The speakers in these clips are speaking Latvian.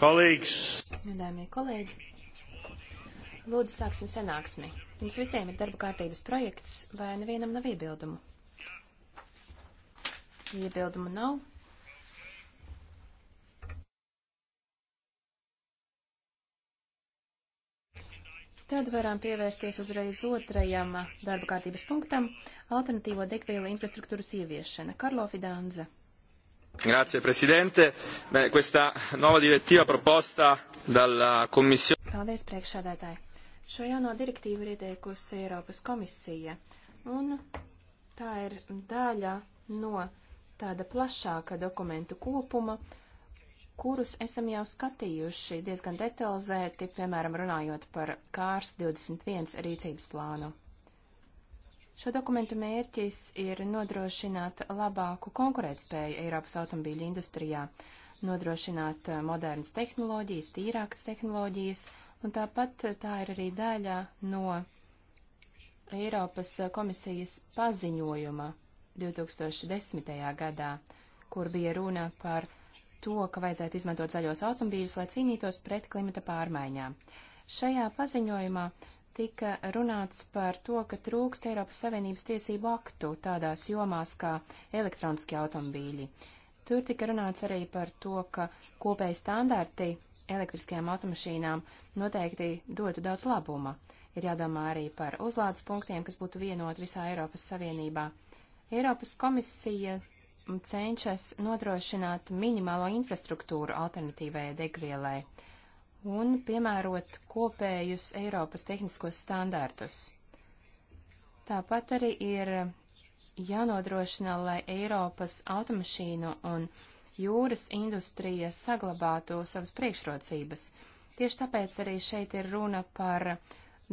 Kolēģis! Gadājumie nu, kolēģi! Lūdzu, sāksim sanāksmi. Mums visiem ir darba kārtības projekts, vai nevienam nav iebildumu? Iebildumu nav. Tad varam pievērsties uzreiz otrajam darba kārtības punktam - alternatīvo degvielu infrastruktūras ieviešana. Karlo Fidanza. Grazie Presidente. Bene, questa nuova direttiva proposta dalla Commissione. Paldies priekšsēdētāji. Šo jauno direktīvu ir ieteikusi Eiropas komisija, un tā ir daļa no tāda plašāka dokumentu kopuma, kurus esam jau skatījuši diezgan detalizēti, piemēram, runājot par kārs 21 rīcības plānu. Šo dokumentu mērķis ir nodrošināt labāku konkurētspēju Eiropas automobīļu industrijā, nodrošināt eh, modernas tehnoloģijas, tīrākas tehnoloģijas, un tāpat eh, tā ir arī daļa no Eiropas eh, komisijas paziņojuma 2010. gadā, kur bija runa par to, ka vajadzētu izmantot zaļos automobīļus, lai cīnītos pret klimata pārmaiņām. Šajā paziņojumā tika runāts par to, ka trūkst Eiropas Savienības tiesību aktu tādās jomās kā elektroniskie automobīļi. Tur tika runāts arī par to, ka kopēji standarti elektriskajām automašīnām noteikti dotu daudz labuma. Ir jādomā arī par uzlādes punktiem, kas būtu vienot visā Eiropas Savienībā. Eiropas komisija cenšas nodrošināt minimālo infrastruktūru alternatīvajai degvielai. Uh, un piemērot kopējus Eiropas tehniskos standārtus. Tāpat arī ir jānodrošina, lai Eiropas automašīnu un jūras industrija saglabātu savas priekšrocības. Tieši tāpēc arī šeit ir runa par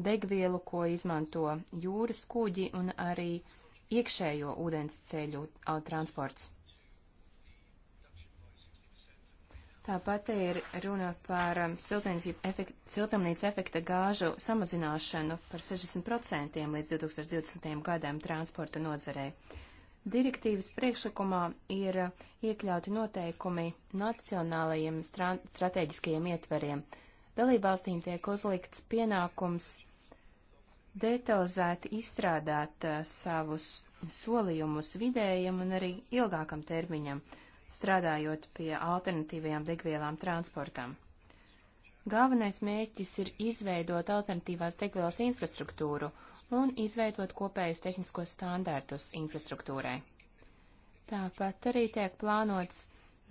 degvielu, ko izmanto jūras kuģi un arī iekšējo ūdens ceļu transports. Tāpat ir runa par um, efekta, siltumnīca efekta gāžu samazināšanu par 60% līdz 2020. gadam transporta nozarei. Direktīvas priekšlikumā ir uh, iekļauti noteikumi nacionālajiem strateģiskajiem ietveriem. Dalībvalstīm tiek uzlikts pienākums detalizēti izstrādāt uh, savus solījumus vidējiem un arī ilgākam termiņam strādājot pie alternatīvajām degvielām transportam. Galvenais mērķis ir izveidot alternatīvās degvielas infrastruktūru un izveidot kopējus tehniskos standārtus infrastruktūrai. Tāpat arī tiek plānots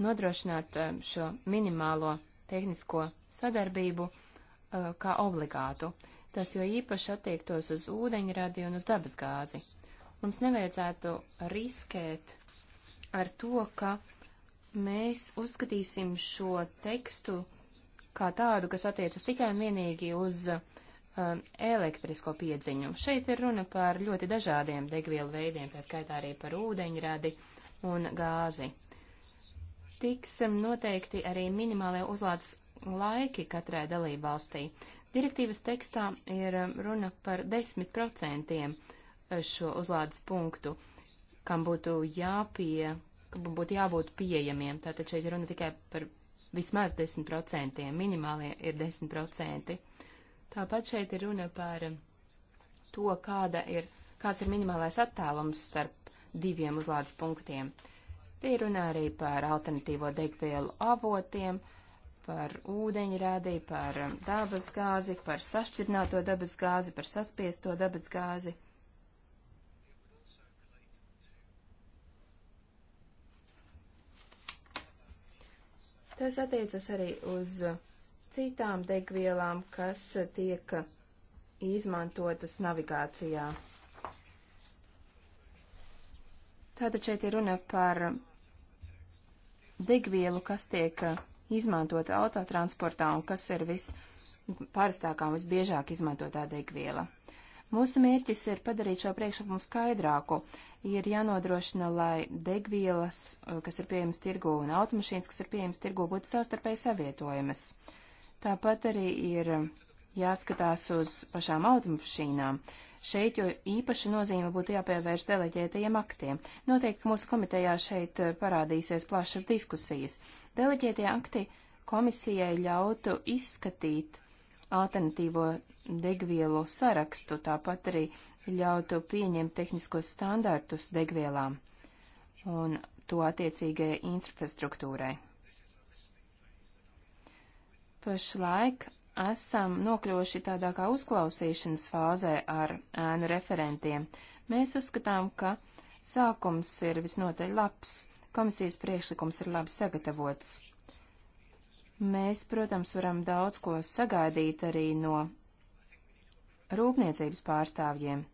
nodrošināt eh, šo minimālo tehnisko sadarbību eh, kā obligātu. Tas jo īpaši attiektos uz ūdeņradi un uz dabasgāzi. Mums nevajadzētu riskēt ar to, ka mēs uzskatīsim šo tekstu kā tādu, kas attiecas tikai un vienīgi uz um, elektrisko piedziņu. Šeit ir runa par ļoti dažādiem degvielu veidiem, tā skaitā arī par ūdeņradi un gāzi. Tiks noteikti arī minimālie uzlādes laiki katrai dalībvalstī. Direktīvas tekstā ir um, runa par 10% uh, šo uzlādes punktu, kam būtu jāpie ka būtu jābūt pieejamiem. Tātad šeit runa tikai par vismaz 10%, minimālie ir 10%. Tāpat šeit ir runa par um, to, kāda ir, kāds ir minimālais attālums starp diviem uzlādes punktiem. Tie runā arī par alternatīvo degvielu avotiem, par ūdeņradi, par um, dabas gāzi, par sašķirināto dabas gāzi, par saspiesto dabas gāzi. Tas attiecas arī uz citām degvielām, kas tiek izmantotas navigācijā. Tātad šeit ir runa par degvielu, kas tiek izmantota autotransportā un kas ir vispārstākā un visbiežāk izmantotā degviela. Mūsu mērķis ir padarīt šo priekšlikumu skaidrāku. Ir jānodrošina, lai degvielas, eh, kas ir pieejamas tirgu, un automašīnas, kas ir pieejamas tirgu, būtu savstarpēji savietojamas. Tāpat arī ir jāskatās uz pašām automašīnām. Šeit jo īpaši nozīme būtu jāpievērš deleģētajiem aktiem. Noteikti mūsu komitejā šeit eh, parādīsies plašas diskusijas. Deleģētie akti komisijai ļautu izskatīt alternatīvo degvielu sarakstu, tāpat arī ļautu pieņemt tehniskos standartus degvielām un to attiecīgajai infrastruktūrai. Pašlaik esam nokļuvuši tādā kā uzklausīšanas fāzē ar ēnu referentiem. Mēs uzskatām, ka sākums ir visnotaļ labs, komisijas priekšlikums ir labi sagatavots. Mēs, protams, varam daudz ko sagaidīt arī no rūpniecības pārstāvjiem.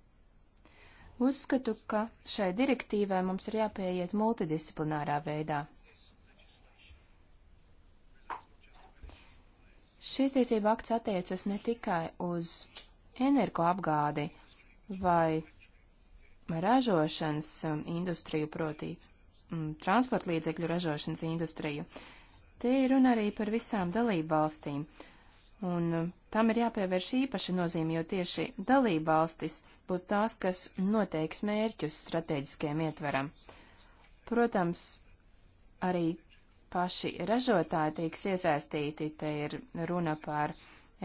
Uzskatu, ka šai direktīvai mums ir jāpieiet multidisciplinārā veidā. Šis tiesība akts attiecas ne tikai uz energoapgādi vai ražošanas um, industriju, proti mm, transportlīdzekļu ražošanas industriju. Te ir runa arī par visām dalību valstīm, un uh, tam ir jāpievērš īpaša nozīme, jo tieši dalību valstis būs tās, kas noteiks mērķus strateģiskajam ietveram. Protams, arī paši ražotāji tiks iesaistīti, te ir runa par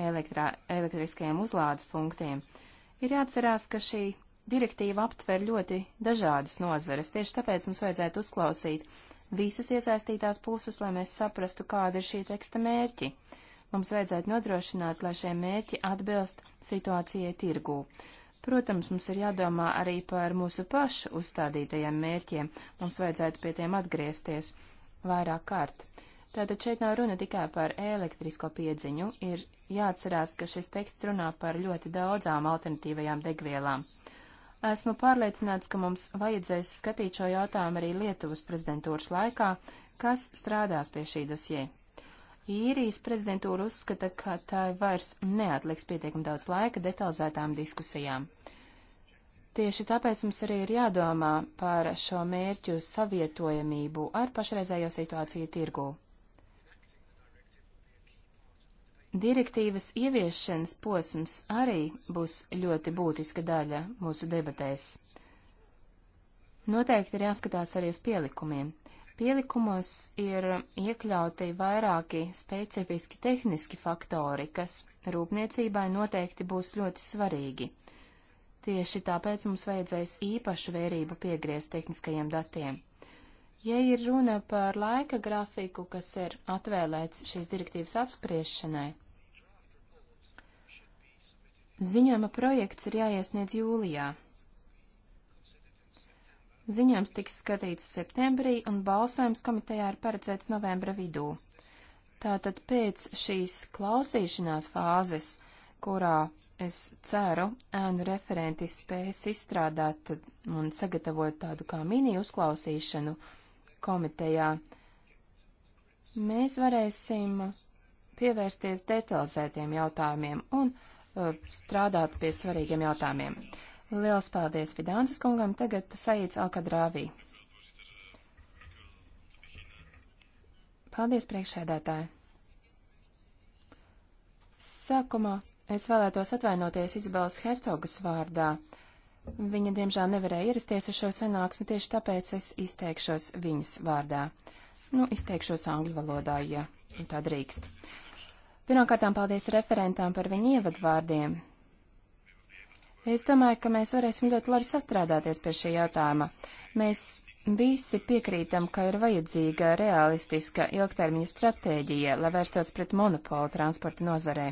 elektrā, elektriskajiem uzlādes punktiem. Ir jāatcerās, ka šī direktīva aptver ļoti dažādas nozares, tieši tāpēc mums vajadzētu uzklausīt visas iesaistītās puses, lai mēs saprastu, kāda ir šī teksta mērķi. Mums vajadzētu nodrošināt, lai šie mērķi atbilst situācijai tirgū. Protams, mums ir jādomā arī par mūsu pašu uzstādītajiem mērķiem, mums vajadzētu pie tiem atgriezties vairāk kārt. Tātad šeit nav runa tikai par elektrisko piedziņu, ir jāatcerās, ka šis teksts runā par ļoti daudzām alternatīvajām degvielām. Esmu pārliecināts, ka mums vajadzēs skatīt šo jautājumu arī Lietuvas prezidentūras laikā, kas strādās pie šī dosie. Īrijas prezidentūra uzskata, ka tā vairs neatliks pietiekami daudz laika detalizētām diskusijām. Tieši tāpēc mums arī ir jādomā par šo mērķu savietojamību ar pašreizējo situāciju tirgū. Direktīvas ieviešanas posms arī būs ļoti būtiska daļa mūsu debatēs. Noteikti ir jāskatās arī uz pielikumiem. Pielikumos ir iekļauti vairāki specifiski tehniski faktori, kas rūpniecībai noteikti būs ļoti svarīgi. Tieši tāpēc mums vajadzēs īpašu vērību piegriezt tehniskajiem datiem. Ja ir runa par laika grafiku, kas ir atvēlēts šīs direktīvas apspriešanai, Ziņojuma projekts ir jāiesniedz jūlijā. Ziņojums tiks skatīts septembrī un balsojums komitejā ir paredzēts novembra vidū. Tātad pēc šīs klausīšanās fāzes, kurā es ceru, ēnu referenti spēs izstrādāt un sagatavot tādu kā mini uzklausīšanu komitejā, mēs varēsim pievērsties detalizētiem jautājumiem un Uh, strādāt pie svarīgiem jautājumiem. Lielas paldies Vidānces kungam, tagad Saīts Alkadrāvī. Paldies priekšēdētāji. Sākumā es vēlētos atvainoties Izabelas Hertogas vārdā. Viņa, diemžēl, nevarēja ierasties uz šo sanāksmi, tieši tāpēc es izteikšos viņas vārdā. Nu, izteikšos angļu valodā, ja tā drīkst. Pirmkārtām paldies referentām par viņu ievadvārdiem. Es domāju, ka mēs varēsim ļoti labi sastrādāties pie šī jautājuma. Mēs visi piekrītam, ka ir vajadzīga realistiska ilgtermiņa stratēģija, lai vērstos pret monopolu transporta nozarē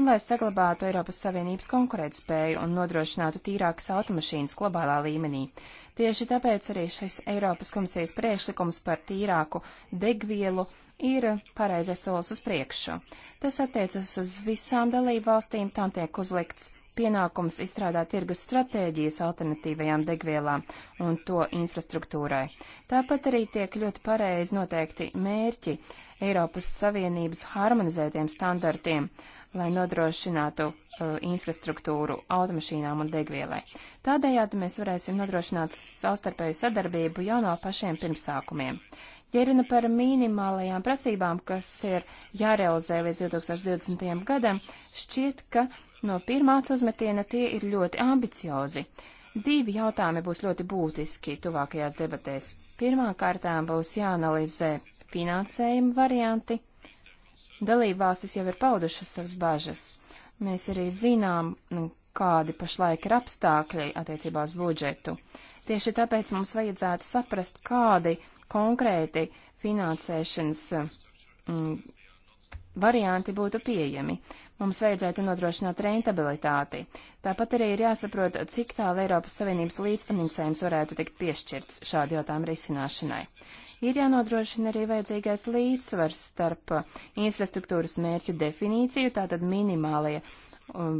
un lai saglabātu Eiropas Savienības konkurētspēju un nodrošinātu tīrākas automašīnas globālā līmenī. Tieši tāpēc arī šis Eiropas komisijas priekšlikums par tīrāku degvielu ir pareizais solis uz priekšu. Tas attiecas uz visām dalībvalstīm, tām tiek uzlikts pienākums izstrādāt tirgus stratēģijas alternatīvajām degvielām un to infrastruktūrai. Tāpat arī tiek ļoti pareizi noteikti mērķi Eiropas Savienības harmonizētiem standartiem, lai nodrošinātu uh, infrastruktūru automašīnām un degvielai. Tādējādi mēs varēsim nodrošināt savstarpēju sadarbību jau no pašiem pirmsākumiem. Ja runa par minimālajām prasībām, kas ir jārealizē līdz 2020. gadam, šķiet, ka no pirmāts uzmetiena tie ir ļoti ambiciozi. Divi jautājumi būs ļoti būtiski tuvākajās debatēs. Pirmām kārtām būs jāanalizē finansējuma varianti. Dalībvalstis jau ir paudušas savas bažas. Mēs arī zinām, kādi pašlaik ir apstākļi attiecībā uz budžetu. Tieši tāpēc mums vajadzētu saprast, kādi konkrēti finansēšanas mm, varianti būtu pieejami. Mums vajadzētu nodrošināt rentabilitāti. Tāpat arī ir jāsaprot, cik tālu Eiropas Savienības līdzfinansējums varētu tikt piešķirts šādu jautājumu risināšanai. Ir jānodrošina arī vajadzīgais līdzsvars starp infrastruktūras mērķu definīciju, tātad minimālie um,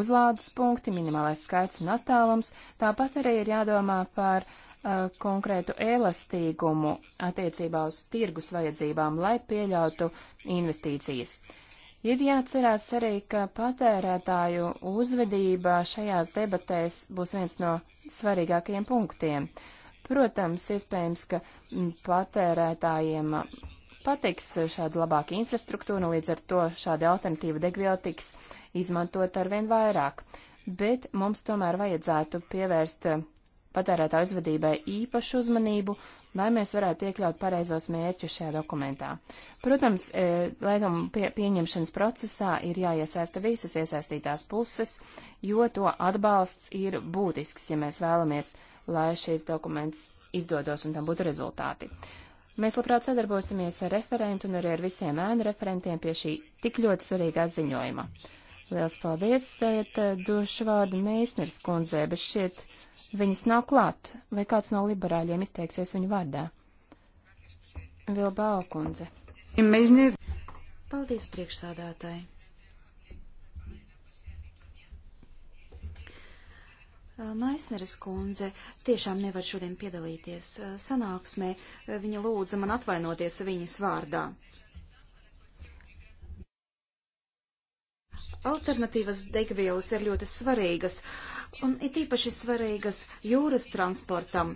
uzlādes punkti, minimālais skaits un attālums. Tāpat arī ir jādomā par uh, Uh, konkrētu elastīgumu attiecībā uz tirgus vajadzībām, lai pieļautu investīcijas. Ir jāatcerās arī, ka patērētāju uzvedība šajās debatēs būs viens no svarīgākajiem punktiem. Protams, iespējams, ka patērētājiem patiks šāda labāka infrastruktūra, un līdz ar to šāda alternatīva degviela tiks izmantot arvien vairāk. Bet mums tomēr vajadzētu pievērst patērētāju uzvedībai īpašu uzmanību, lai mēs varētu iekļaut pareizos mērķus šajā dokumentā. Protams, e, lēmumu pie, pieņemšanas procesā ir jāiesaista visas iesaistītās puses, jo to atbalsts ir būtisks, ja mēs vēlamies, lai šīs dokuments izdodos un tam būtu rezultāti. Mēs labprāt sadarbosimies ar referentu un arī ar visiem ēnu referentiem pie šī tik ļoti svarīgā ziņojuma. Liels paldies, tagad e, došu vārdu Meisners kundzē, bet šķiet, Viņas nav klāt, vai kāds no liberāļiem izteiksies viņu vārdā? Vilbao kundze. Paldies priekšsādātāji. Maisneres kundze tiešām nevar šodien piedalīties sanāksmē. Viņa lūdza man atvainoties viņas vārdā. Alternatīvas degvielas ir ļoti svarīgas. Uh, un it īpaši svarīgas jūras transportam.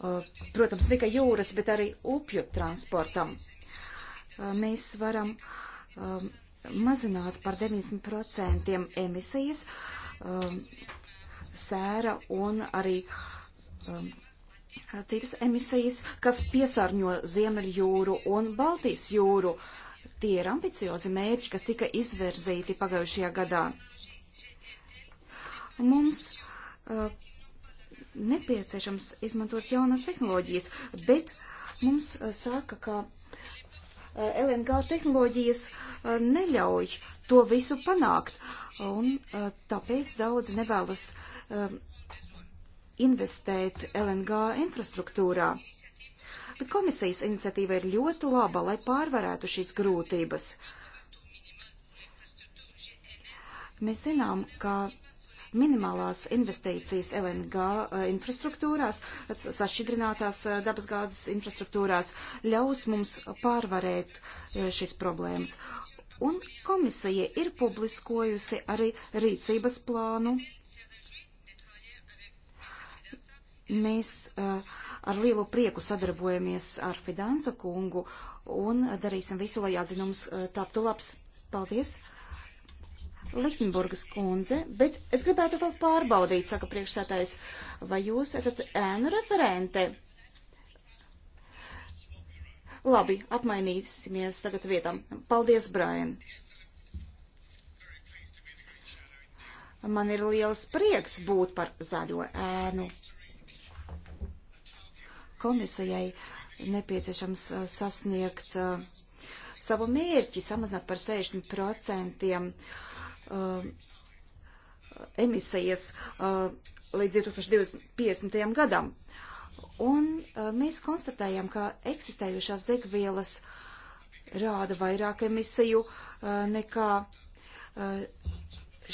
Uh, protams, ne tikai jūras, bet arī upju transportam. Uh, mēs varam um, mazināt par 90% emisijas um, sēra un arī um, citas emisijas, kas piesārņo Ziemeļjūru un Baltijas jūru. Tie ir ambiciozi mērķi, kas tika izverzīti pagājušajā gadā. Mums uh, nepieciešams izmantot jaunas tehnoloģijas, bet mums uh, saka, ka uh, LNG tehnoloģijas uh, neļauj to visu panākt, un uh, tāpēc daudz nevēlas investēt LNG infrastruktūrā. Bet komisijas iniciatīva ir ļoti laba, lai pārvarētu šīs grūtības. Mēs zinām, ka minimālās investīcijas LNG eh, infrastruktūrās, sašķidrinātās eh, dabasgādes infrastruktūrās ļaus mums pārvarēt eh, šīs problēmas. Un komisija ir publiskojusi arī rīcības plānu mēs uh, ar lielu prieku sadarbojamies ar Fidansa kungu un darīsim visu, lai atzinums uh, taptu labs. Paldies! Lichtenburgas kundze, bet es gribētu vēl pārbaudīt, saka priekšsētājs, vai jūs esat ēnu referente? Labi, apmainīsimies tagad vietām. Paldies, Brian! Man ir liels prieks būt par zaļo ēnu. Komisijai nepieciešams eh, sasniegt uh, savu mērķi, samazināt par 60% uh, emisijas uh, līdz 2050. gadam. Un uh, mēs konstatējam, ka eksistējušās degvielas rāda vairāk emisiju uh, nekā uh,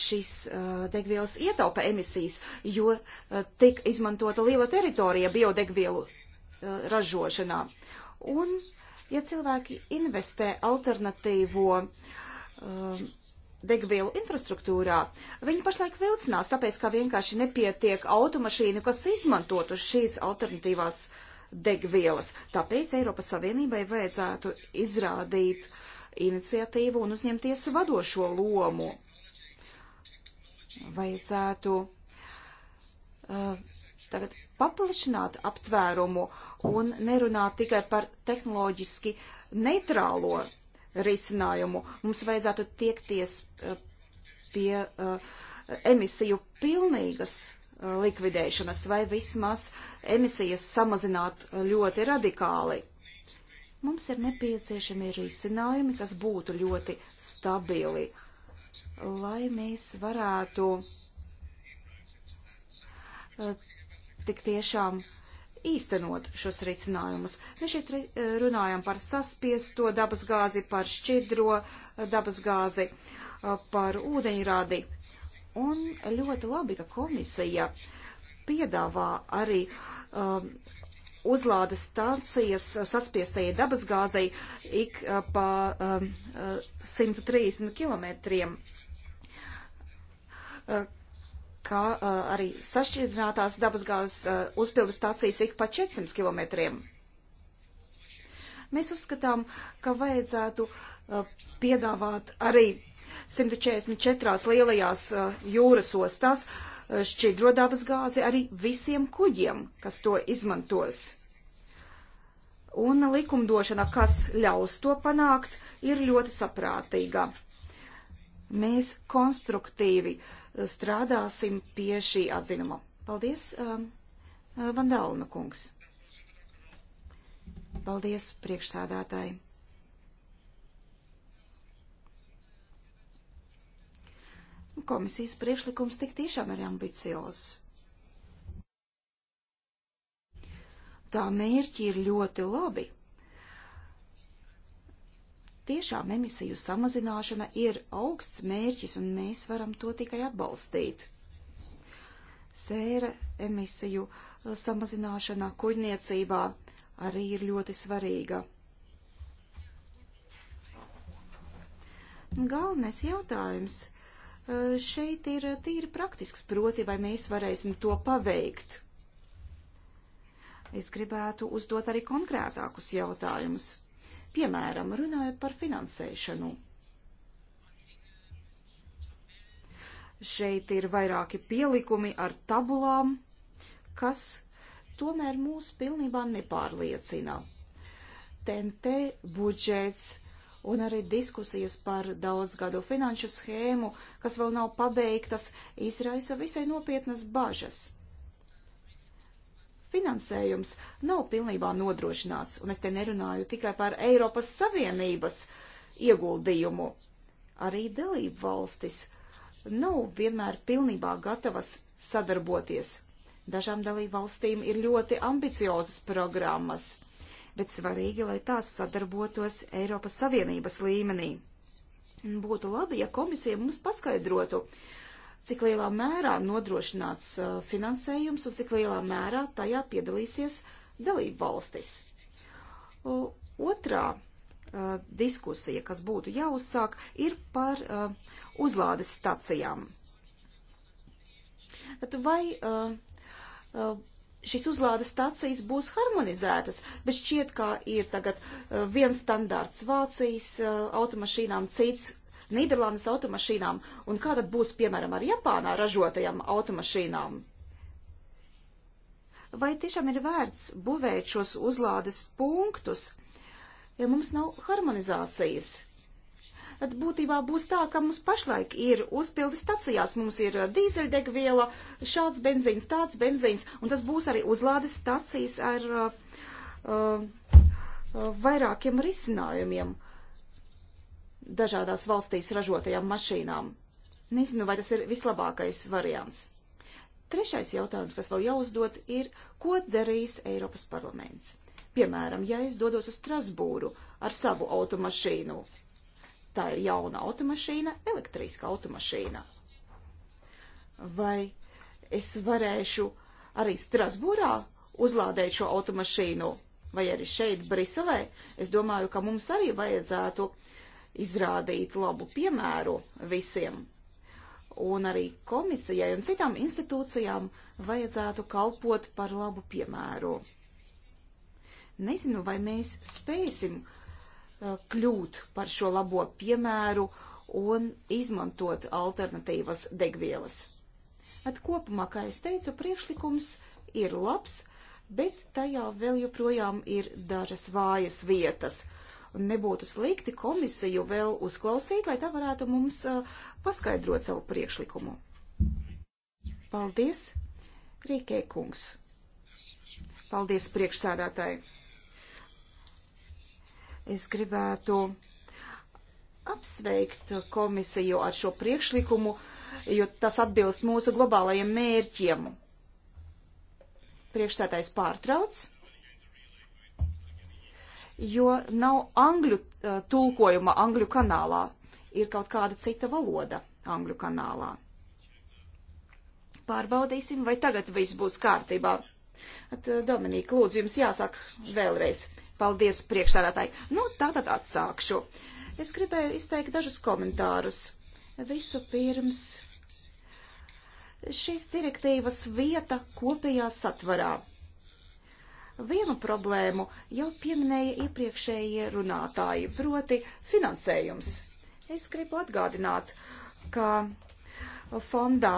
šīs uh, degvielas ietaupa emisijas, jo uh, tik izmantota liela teritorija biodegvielu uh, ražošanā. Un, ja cilvēki investē alternatīvo uh, degvielu infrastruktūrā, viņi pašlaik vilcinās, tāpēc, ka vienkārši nepietiek automašīnu, kas izmantotu šīs alternatīvās degvielas. Tāpēc Eiropas Savienībai vajadzētu izrādīt iniciatīvu un uzņemties vadošo lomu. Vajadzētu uh, tagad paplašināt aptvērumu un nerunāt tikai par tehnoloģiski neitrālo risinājumu. Mums vajadzētu tiekties eh, pie uh, emisiju pilnīgas uh, likvidēšanas vai vismaz emisijas samazināt ļoti radikāli. Mums ir nepieciešami risinājumi, kas būtu ļoti stabili, lai mēs varētu uh, tik tiešām īstenot šos risinājumus. Mēs šeit eh, runājam par saspiesto dabasgāzi, par šķidro eh, dabasgāzi, eh, par ūdeņradi. Un ļoti labi, ka komisija piedāvā arī um, uzlādes stācijas saspiestajai dabasgāzei ik pa um, 130 kilometriem ka uh, arī sašķidrinātās dabasgāzes uh, uzpildes stācijas ik pa 400 kilometriem. Mēs uzskatām, ka vajadzētu uh, piedāvāt arī 144 lielajās uh, jūras ostās uh, šķidro dabasgāzi arī visiem kuģiem, kas to izmantos. Un likumdošana, kas ļaus to panākt, ir ļoti saprātīga. Mēs konstruktīvi uh, strādāsim pie šī atzinuma. Paldies, um, uh, Vandāluna kungs. Paldies, priekšsādātāji. Komisijas priekšlikums tik tiešām ir ambiciozs. Tā mērķi ir ļoti labi. Tiešām emisiju samazināšana ir augsts mērķis, un mēs varam to tikai atbalstīt. Sēra emisiju samazināšana kuģniecībā arī ir ļoti svarīga. Galvenais jautājums e, šeit ir tīri praktisks, proti, vai mēs varēsim to paveikt. Es gribētu uzdot arī konkrētākus jautājumus. Piemēram, runājot par finansēšanu. Šeit ir vairāki pielikumi ar tabulām, kas tomēr mūs pilnībā nepārliecina. TNT budžets un arī diskusijas par daudzgadu finanšu schēmu, kas vēl nav pabeigtas, izraisa visai nopietnas bažas finansējums nav pilnībā nodrošināts, un es te nerunāju tikai par Eiropas Savienības ieguldījumu. Arī dalību valstis nav vienmēr pilnībā gatavas sadarboties. Dažām dalību valstīm ir ļoti ambiciozas programmas, bet svarīgi, lai tās sadarbotos Eiropas Savienības līmenī. Būtu labi, ja komisija mums paskaidrotu, uh, cik lielā mērā nodrošināts uh, finansējums un cik lielā mērā tajā piedalīsies dalību valstis. Otrā uh, diskusija, kas būtu jāuzsāk, ir par uh, uzlādes stacijām. Vai šīs uzlādes stācijas būs harmonizētas, bet šķiet, ka ir tagad viens standārts Vācijas automašīnām, cits Nīderlandes automašīnām, un kā tad būs, piemēram, ar Japānā ražotajām automašīnām? Vai tiešām ir vērts būvēt šos uzlādes punktus, ja mums nav harmonizācijas? Tad būtībā būs tā, ka mums pašlaik ir uzpildi stacijās, mums ir dīzeļdegviela, šāds benzīns, tāds benzīns, un tas būs arī uzlādes stacijas ar uh, uh, vairākiem risinājumiem. Uh, dažādās valstīs ražotajām mašīnām. Nezinu, vai tas ir vislabākais variants. Trešais jautājums, kas vēl jāuzdod, ir, ko darīs Eiropas parlaments? Piemēram, ja es dodos uz Strasbūru ar savu automašīnu. Tā ir jauna automašīna, elektriska automašīna. Vai es varēšu arī Strasbūrā uzlādēt šo automašīnu, vai arī šeit, Briselē? Es domāju, ka mums arī vajadzētu uh, izrādīt labu piemēru visiem. Un arī komisijai un citām institūcijām vajadzētu kalpot par labu piemēru. Nezinu, vai mēs spēsim uh, kļūt par šo labo piemēru un izmantot alternatīvas degvielas. At kopumā, kā es teicu, priekšlikums ir labs, bet tajā vēl joprojām ir dažas vājas vietas – nebūtu slikti komisiju vēl uzklausīt, lai tā varētu mums uh, paskaidrot savu priekšlikumu. Paldies, Rīkē kungs. Paldies, priekšsādātāji. Es gribētu apsveikt komisiju ar šo priekšlikumu, jo tas atbilst mūsu globālajiem mērķiem. Priekšsētājs pārtrauc jo nav angļu tulkojuma angļu kanālā. Ir kaut kāda cita valoda angļu kanālā. Pārbaudīsim, vai tagad viss būs kārtībā. At, Dominika, lūdzu, jums jāsāk vēlreiz. Paldies priekšsādātāji. Nu, tātad atsākšu. Es gribēju izteikt dažus komentārus. Visu pirms šīs direktīvas vieta kopējā satvarā. Vienu problēmu jau pieminēja iepriekšējie runātāji, proti finansējums. Es gribu atgādināt, ka fondā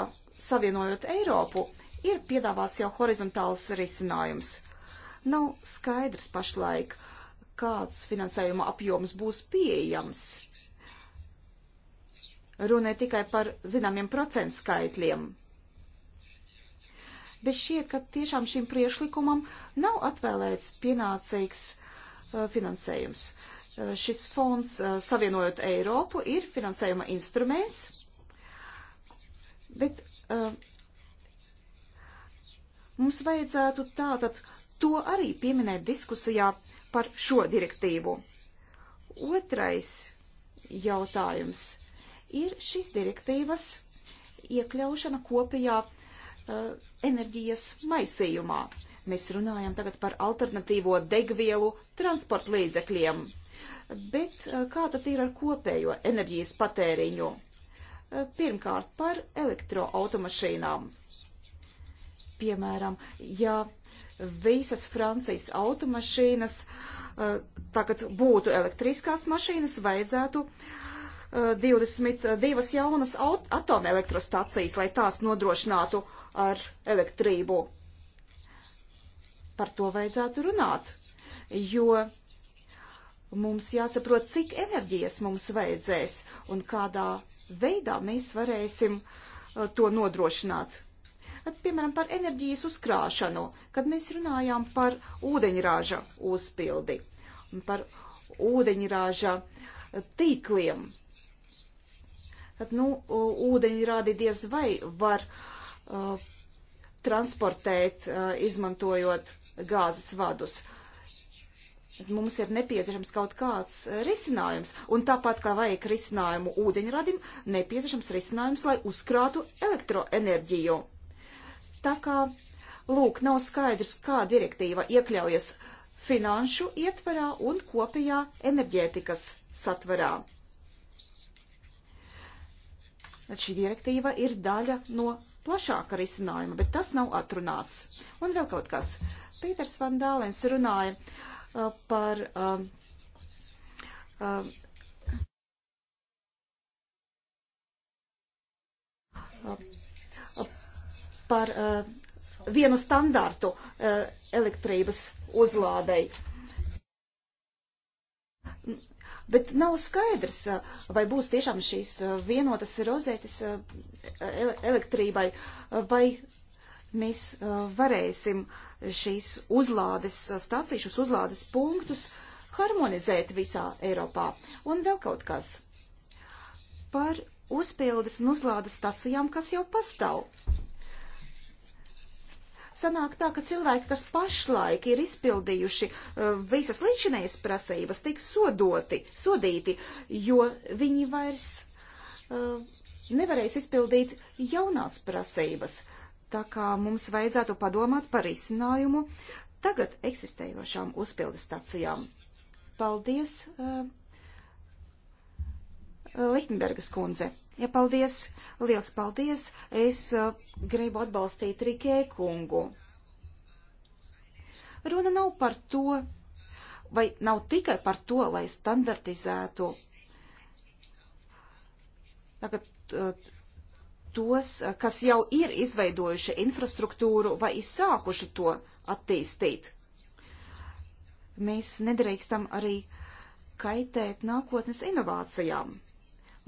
Savienojot Eiropu ir piedāvāts jau horizontāls risinājums. Nav skaidrs pašlaik, kāds finansējuma apjoms būs pieejams. Runē tikai par zināmiem procentu skaitļiem bet šķiet, ka tiešām šim priešlikumam nav atvēlēts pienācīgs uh, finansējums. Uh, šis fonds uh, Savienojot Eiropu ir finansējuma instruments, bet uh, mums vajadzētu tātad to arī pieminēt diskusijā par šo direktīvu. Otrais jautājums ir šīs direktīvas iekļaušana kopijā uh, enerģijas maisījumā. Mēs runājam tagad par alternatīvo degvielu transporta līdzekļiem. Bet eh, kā tad ir ar kopējo enerģijas patēriņu? Eh, pirmkārt, par elektroautomašīnām. Piemēram, ja visas Francijas automašīnas eh, tagad būtu elektriskās mašīnas, vajadzētu 22 jaunas atomelektrostacijas, lai tās nodrošinātu ar elektrību. Par to vajadzētu runāt, jo mums jāsaprot, cik enerģijas mums vajadzēs un kādā veidā mēs varēsim uh, to nodrošināt. At, piemēram, par enerģijas uzkrāšanu, kad mēs runājām par ūdeņrāža uzpildi, par ūdeņrāža uh, tīkliem. Tad, nu, ūdeņrādi diez vai var uh, uh, transportēt, uh, izmantojot gāzes vadus. Mums ir nepieciešams kaut kāds uh, risinājums, un tāpat kā vajag risinājumu ūdeņradim, nepieciešams risinājums, lai uzkrātu elektroenerģiju. Tā kā, lūk, nav skaidrs, kā direktīva iekļaujas finanšu ietvarā un kopējā enerģētikas satvarā. Šī direktīva ir daļa no plašāka risinājuma, bet tas nav atrunāts. Un vēl kaut kas. Pīters Van Dālens runāja uh, par. Uh, uh, uh par uh, vienu standārtu uh, elektrības uzlādei bet nav skaidrs, vai būs tiešām šīs vienotas rozētas e, elektrībai, vai mēs varēsim šīs uzlādes stācijas, šos uzlādes punktus harmonizēt visā Eiropā. Un vēl kaut kas par uzpildes un uzlādes stacijām, kas jau pastāv sanāk tā, ka cilvēki, kas pašlaik ir izpildījuši e, visas līdzinējas prasības, tiks sodoti, sodīti, jo viņi vairs e, nevarēs izpildīt jaunās prasības. Tā kā mums vajadzētu padomāt par izcinājumu tagad eksistējošām uzpildes stacijām. Paldies, uh, Lichtenbergas kundze! Ja paldies, liels paldies, es uh, gribu atbalstīt Rikē kungu. Runa nav par to, vai nav tikai par to, lai standartizētu tagad, uh, tos, uh, kas jau ir izveidojuši infrastruktūru vai izsākuši to attīstīt. Mēs nedrīkstam arī kaitēt nākotnes inovācijām.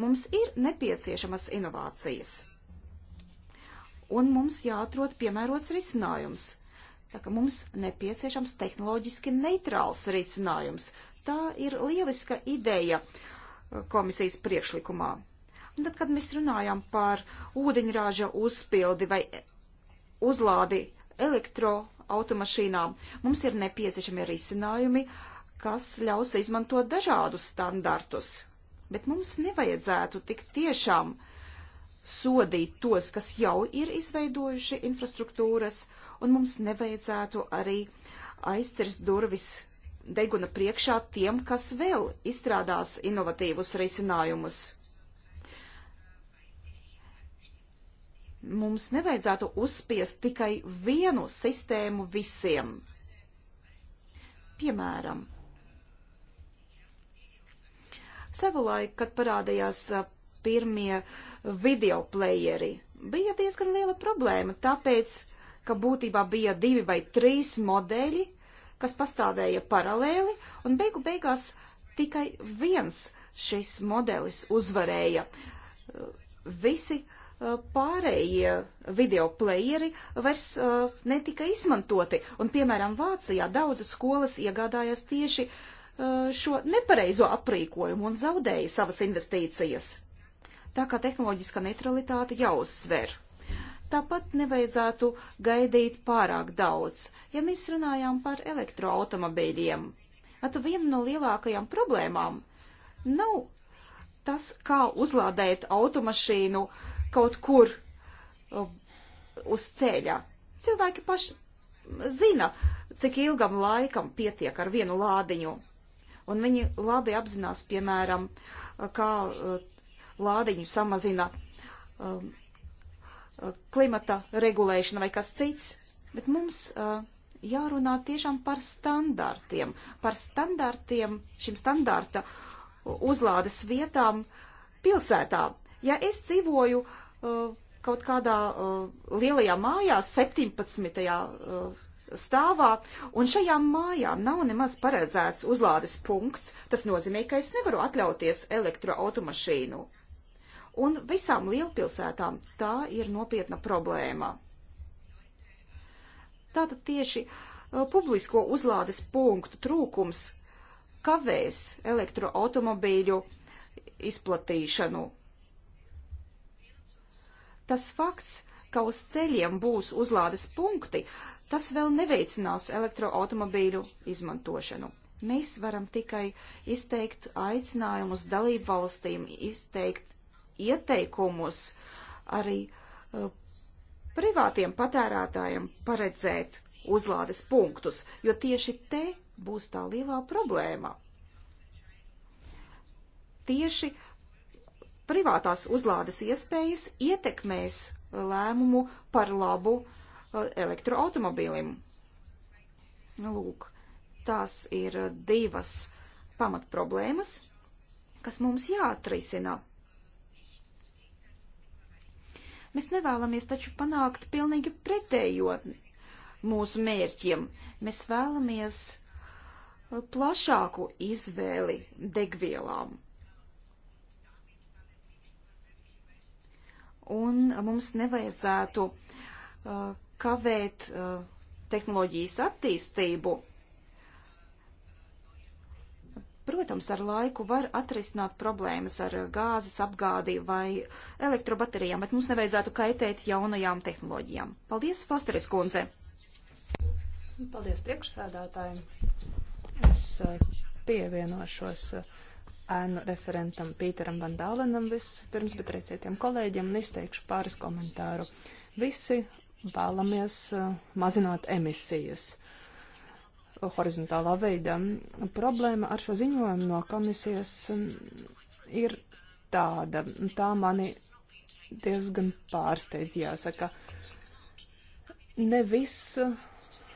Mums ir nepieciešamas inovācijas. Un mums jāatrod piemērots risinājums. Tā ka mums nepieciešams tehnoloģiski neitrāls risinājums. Tā ir lieliska ideja uh, komisijas priekšlikumā. Un tad, kad mēs runājam par ūdeņrāža uzpildi vai uzlādi elektroautomašīnām, mums ir nepieciešami risinājumi, kas ļaus izmantot dažādus standartus bet mums nevajadzētu tik tiešām sodīt tos, kas jau ir izveidojuši infrastruktūras, un mums nevajadzētu arī aizcirst durvis deguna priekšā tiem, kas vēl izstrādās inovatīvus risinājumus. Mums nevajadzētu uzspiest tikai vienu sistēmu visiem. Piemēram, Savulaik, kad parādījās pirmie video playeri, bija diezgan liela problēma, tāpēc, ka būtībā bija divi vai trīs modeļi, kas pastāvēja paralēli, un beigu beigās tikai viens šis modelis uzvarēja. Visi pārējie video playeri vairs netika izmantoti, un, piemēram, Vācijā daudzas skolas iegādājās tieši uh, Uh, šo nepareizo aprīkojumu un zaudēja savas investīcijas. Tā kā tehnoloģiska neutralitāte jāuzsver. Tāpat nevajadzētu gaidīt pārāk daudz, ja mēs runājām par elektroautomobīļiem. At viena no lielākajām problēmām nav tas, kā uzlādēt automašīnu kaut kur uh, uz ceļa. Cilvēki paši zina, cik ilgam laikam pietiek ar vienu lādiņu un viņi labi apzinās, piemēram, kā uh, lādiņu samazina um, uh, klimata regulēšana vai kas cits, bet mums uh, jārunā tiešām par standartiem, par standartiem, šim standarta uzlādes vietām pilsētā. Ja es dzīvoju uh, kaut kādā uh, lielajā mājā 17. Uh, stāvā, un šajām mājām nav nemaz paredzēts uzlādes punkts, tas nozīmē, ka es nevaru atļauties elektroautomašīnu. Un visām lielpilsētām tā ir nopietna problēma. Tātad tieši uh, publisko uzlādes punktu trūkums kavēs elektroautomobīļu izplatīšanu. Tas fakts, ka uz ceļiem būs uzlādes punkti, uh, Tas vēl neveicinās elektroautomobīļu izmantošanu. Mēs varam tikai izteikt aicinājumus dalību valstīm, izteikt ieteikumus arī uh, privātiem patērētājiem paredzēt uzlādes punktus, jo tieši te būs tā lielā problēma. Tieši privātās uzlādes iespējas ietekmēs lēmumu par labu uh, Uh, elektroautomobīlim. Lūk, tās ir divas pamatproblēmas, kas mums jāatrisina. Mēs nevēlamies taču panākt pilnīgi pretējo mūsu mērķiem. Mēs vēlamies uh, plašāku izvēli degvielām. Un mums nevajadzētu uh, kavēt uh, tehnoloģijas attīstību. Protams, ar laiku var atrisināt problēmas ar uh, gāzes apgādi vai elektrobaterijām, bet mums nevajadzētu kaitēt jaunajām tehnoloģijām. Paldies, Fosteris kundze! Paldies priekšsēdātājiem! Es uh, pievienošos uh, ēnu referentam Pīteram Vandālenam vispirms, bet arī citiem kolēģiem un izteikšu pāris komentāru. Visi vēlamies eh, mazināt emisijas horizontālā veidā. Problēma ar šo ziņojumu no komisijas mm, ir tāda. Tā mani diezgan pārsteidz, jāsaka. Ne viss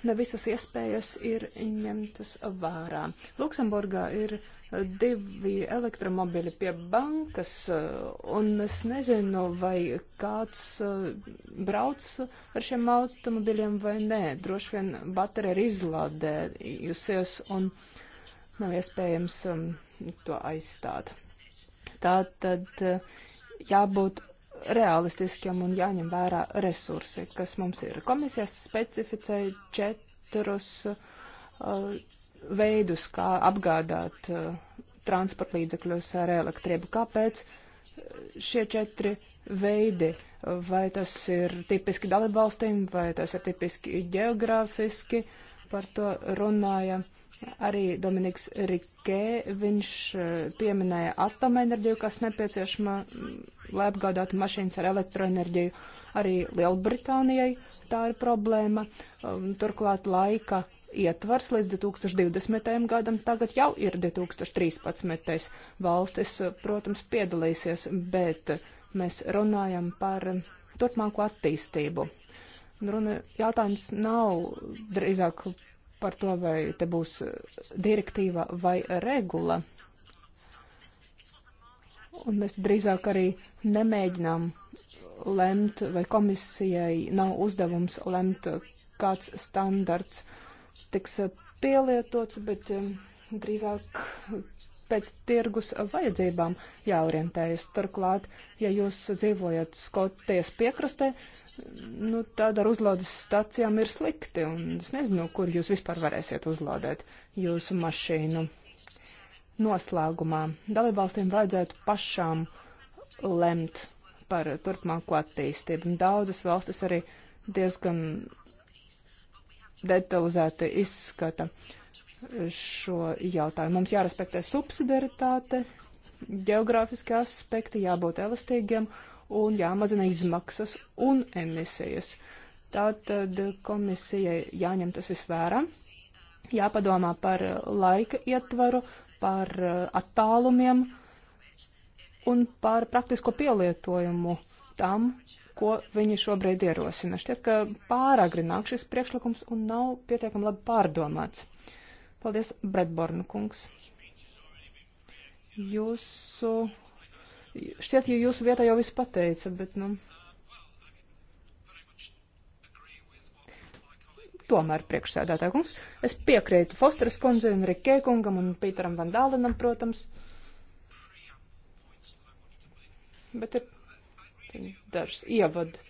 ne visas iespējas ir ņemtas vērā. Luksemburgā ir divi elektromobili pie bankas, un es nezinu, vai kāds eh, brauc ar šiem automobiļiem vai nē. Droši vien baterija ir izlādējusies un nav iespējams um, to aizstāt. Tā tad eh, jābūt realistiskiem un jāņem vērā resursi, kas mums ir. Komisijas specificēja četrus uh, veidus, kā apgādāt uh, transporta līdzekļus ar elektrību. Kāpēc šie četri veidi? Vai tas ir tipiski dalībvalstīm, vai tas ir tipiski geogrāfiski? Par to runāja uh, Arī Dominiks Rikē, viņš eh, pieminēja atomenerģiju, kas nepieciešama, mm, lai apgādātu mašīnas ar elektroenerģiju. Arī Lielbritānijai tā ir problēma. Um, turklāt laika ietvars līdz 2020. gadam tagad jau ir 2013. valstis, eh, protams, piedalīsies, bet eh, mēs runājam par turpmāko attīstību. Runa, jautājums nav drīzāk par to, vai te būs direktīva vai regula. Un mēs drīzāk arī nemēģinām lemt, vai komisijai nav uzdevums lemt, kāds standarts tiks pielietots, bet um, drīzāk pēc tirgus vajadzībām jāorientējas. Turklāt, ja jūs dzīvojat Skotijas piekrastē, nu, tad ar uzlādes stācijām ir slikti, un es nezinu, kur jūs vispār varēsiet uzlādēt jūsu mašīnu. Noslēgumā dalībvalstīm vajadzētu pašām lemt par turpmāko attīstību. Daudzas valstis arī diezgan detalizēti izskata uh, šo jautājumu. Mums jārespektē subsidiaritāte, geogrāfiski aspekti, jābūt elastīgiem un jāmazina izmaksas un emisijas. Tātad komisijai jāņem tas viss vērā, jāpadomā par laika ietvaru, par attālumiem un par praktisko pielietojumu tam, ko viņi šobrīd ierosina. Šķiet, ka pāragri nāk šis priekšlikums un nav pietiekami labi pārdomāts. Paldies, Bredborna kungs. Jūsu, šķiet, ja jūsu vietā jau viss pateica, bet, nu. Tomēr priekšsēdētāj kungs, es piekrītu Fosteras kundze un Rikē kungam un Pīteram Vandālenam, protams. Bet ir dažs ievadu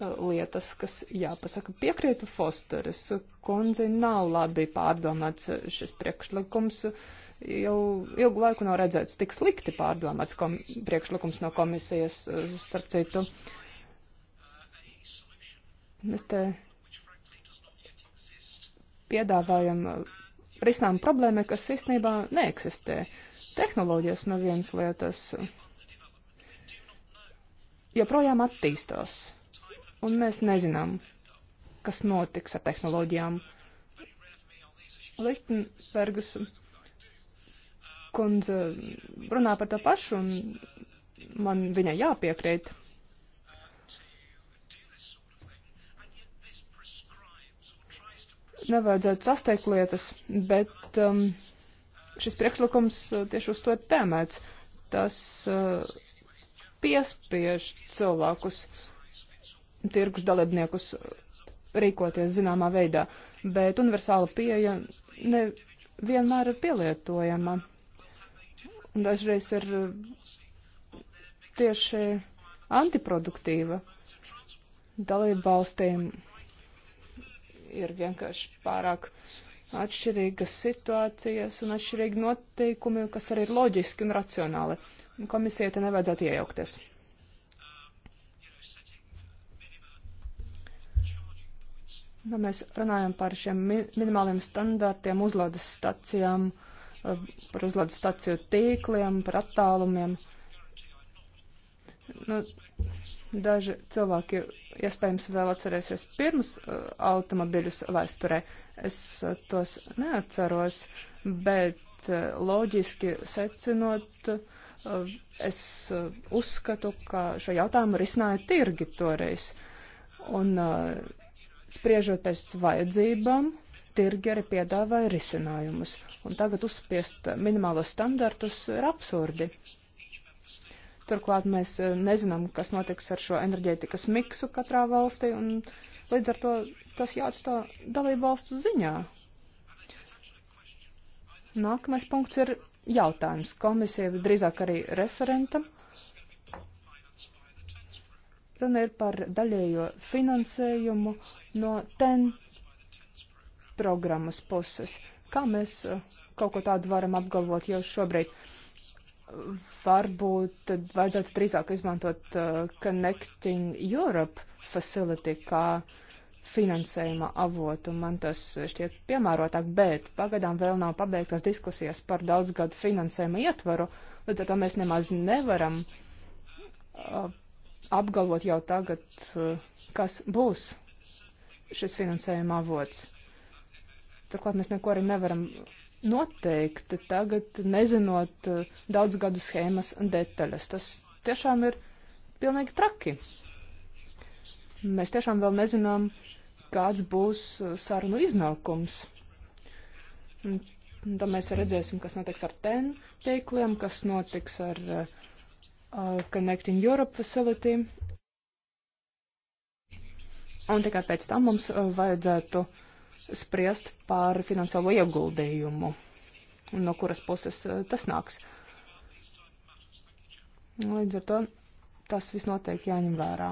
lietas, kas jāpasaka. Piekrītu Fosteris, kundze nav labi pārdomāts šis priekšlikums. Jau ilgu laiku nav redzēts tik slikti pārdomāts kom priekšlikums no komisijas, starp citu. Mēs te piedāvājam risinām problēmu, kas īstenībā neeksistē. Tehnoloģijas no vienas lietas joprojām attīstās un mēs nezinām, kas notiks ar tehnoloģijām. Lichtenbergas kundze runā par to pašu, un man viņai jāpiekrīt. Nevajadzētu sasteikt lietas, bet um, šis priekšlikums uh, tieši uz to ir tēmēts. Tas uh, piespiež cilvēkus uh, tirgus dalībniekus rīkoties zināmā veidā, bet universāla pieeja nevienmēr ir pielietojama. Un dažreiz ir uh, tieši antiproduktīva. Dalību valstīm ir vienkārši pārāk atšķirīgas situācijas un atšķirīgi noteikumi, kas arī ir loģiski un racionāli. Komisija te nevajadzētu iejaukties. Kad mēs runājam par šiem minimāliem standartiem, uzlādes stacijām, eh, par uzlādes staciju tīkliem, par attālumiem, nu, daži cilvēki iespējams vēl atcerēsies pirms uh, eh, automobiļus vēsturē. Es uh, tos neatceros, bet uh, loģiski secinot, uh, es uh, uzskatu, ka šo jautājumu risināja tirgi toreiz. Un, uh, Spriežot pēc vajadzībām, tirgeri piedāvāja risinājumus, un tagad uzspiest minimālos standartus ir absurdi. Turklāt mēs eh, nezinām, kas notiks ar šo enerģētikas miksu katrā valstī, un līdz ar to tas jāatstā dalību valstu ziņā. Nākamais punkts ir jautājums komisija, drīzāk arī referentam. Runa ir par daļējo finansējumu no TEN programmas puses. Kā mēs uh, kaut ko tādu varam apgalvot jau šobrīd? Varbūt vajadzētu drīzāk izmantot uh, Connecting Europe facility kā finansējuma avotu. Man tas šķiet piemērotāk, bet pagaidām vēl nav pabeigtas diskusijas par daudzgadu finansējuma ietvaru, līdz ar to mēs nemaz nevaram uh, apgalvot jau tagad, eh, kas būs šis finansējuma avots. Turklāt mēs neko arī nevaram noteikt tagad, nezinot eh, daudz gadu schēmas detaļas. Tas tiešām ir pilnīgi traki. Mēs tiešām vēl nezinām, kāds būs eh, sarunu iznākums. Un tad mēs redzēsim, kas notiks ar ten teikliem, kas notiks ar uh, uh, Connecting Europe Facility. Un tikai pēc tam mums uh, vajadzētu spriest par finansiālo ieguldījumu, no kuras puses uh, tas nāks. Līdz ar to tas viss noteikti jāņem vērā.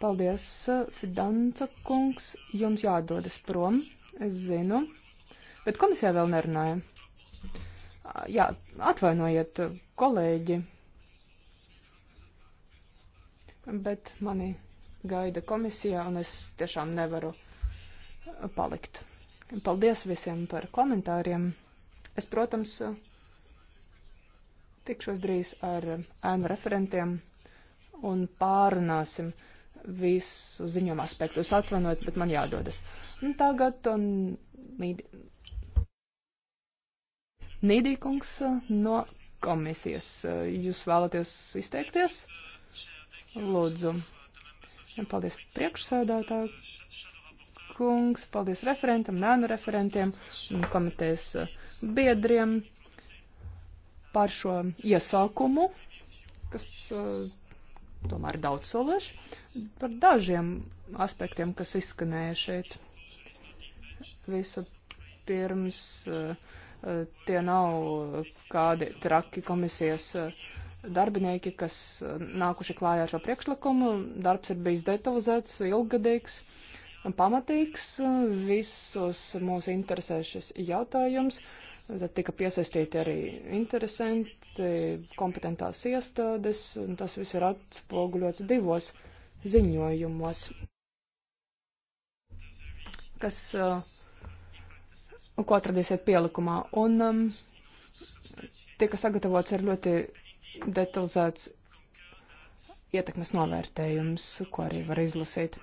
Paldies, uh, Fidanca kungs, jums jādodas prom, es zinu, bet komisijā vēl nerunāja. Uh, jā, atvainojiet, kolēģi bet mani gaida komisijā, un es tiešām nevaru palikt. Paldies visiem par komentāriem. Es, protams, tikšos drīz ar ēnu referentiem un pārunāsim visu ziņojumu aspektu. Es atvainojos, bet man jādodas. Un nu, tagad un Nīdi... Nīdīkungs no komisijas. Jūs vēlaties izteikties? Lūdzu. Paldies priekšsēdētā kungs, paldies referentam, nēnu referentiem un komitejas uh, biedriem par šo iesākumu, kas uh, tomēr daudz sološi, par dažiem aspektiem, kas izskanēja šeit. Visu pirms uh, tie nav kādi traki komisijas uh, darbinieki, kas uh, nākuši klājā ar šo priekšlikumu. Darbs ir bijis detalizēts, ilggadīgs, pamatīgs. Visus mūs interesē šis jautājums. Tad tika piesaistīti arī interesanti, kompetentās iestādes, un tas viss ir atspoguļots divos ziņojumos, kas, uh, ko atradīsiet pielikumā. Un um, tika sagatavots ar ļoti detalizēts ietekmes novērtējums, ko arī var izlasīt.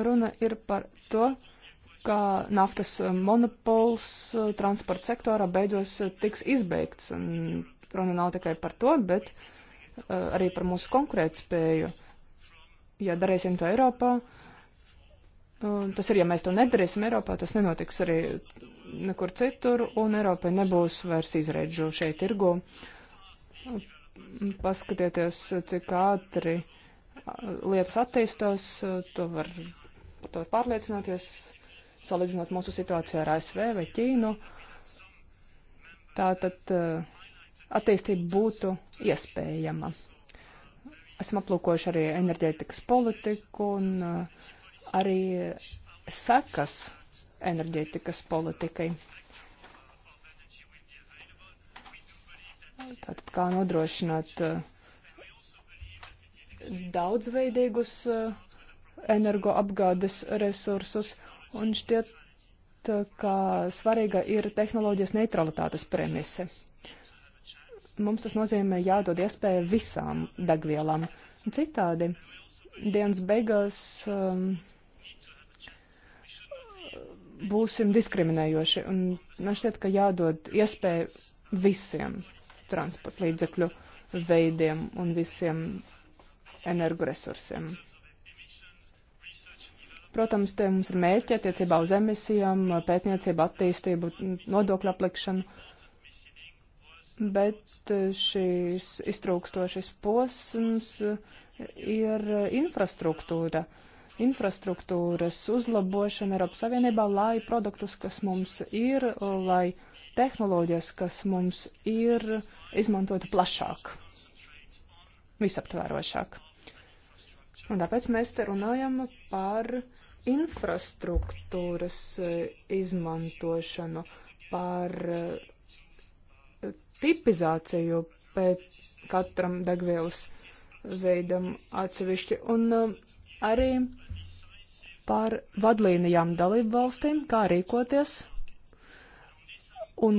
Runa ir par to, ka naftas monopols uh, transporta sektorā beidzos uh, tiks izbeigts. Un runa nav tikai par to, bet uh, arī par mūsu konkurētspēju. Ja darēsim to Eiropā, uh, Tas ir, ja mēs to nedarīsim Eiropā, tas nenotiks arī nekur citur, un Eiropai nebūs vairs izredžu šeit tirgu. Paskatieties, cik ātri lietas attīstās, to var, to var pārliecināties, salīdzinot mūsu situāciju ar ASV vai Ķīnu. Tātad attīstība būtu iespējama. Esam aplūkojuši arī enerģētikas politiku un uh, arī sekas enerģētikas politikai. Tātad kā nodrošināt uh, daudzveidīgus uh, energoapgādes resursus un šķiet, uh, ka svarīga ir tehnoloģijas neutralitātes premise. Mums tas nozīmē jādod iespēja visām degvielām. Citādi uh, dienas beigās um, būsim diskriminējoši. Un man šķiet, ka jādod iespēju visiem transporta līdzekļu veidiem un visiem energoresursiem. Protams, te mums ir mērķi attiecībā uz emisijām, pētniecību, attīstību, nodokļu aplikšanu. Bet šīs iztrūkstošais posms uh, ir eh, infrastruktūra. Infrastruktūras uzlabošana Eiropas Savienībā, lai produktus, kas mums ir, lai tehnoloģijas, kas mums ir, izmantotu plašāk, visaptvērošāk. Un tāpēc mēs te runājam par infrastruktūras eh, izmantošanu, par eh, tipizāciju pēc katram degvielas veidam atsevišķi, un um, arī par vadlīnijām dalību valstīm, kā rīkoties un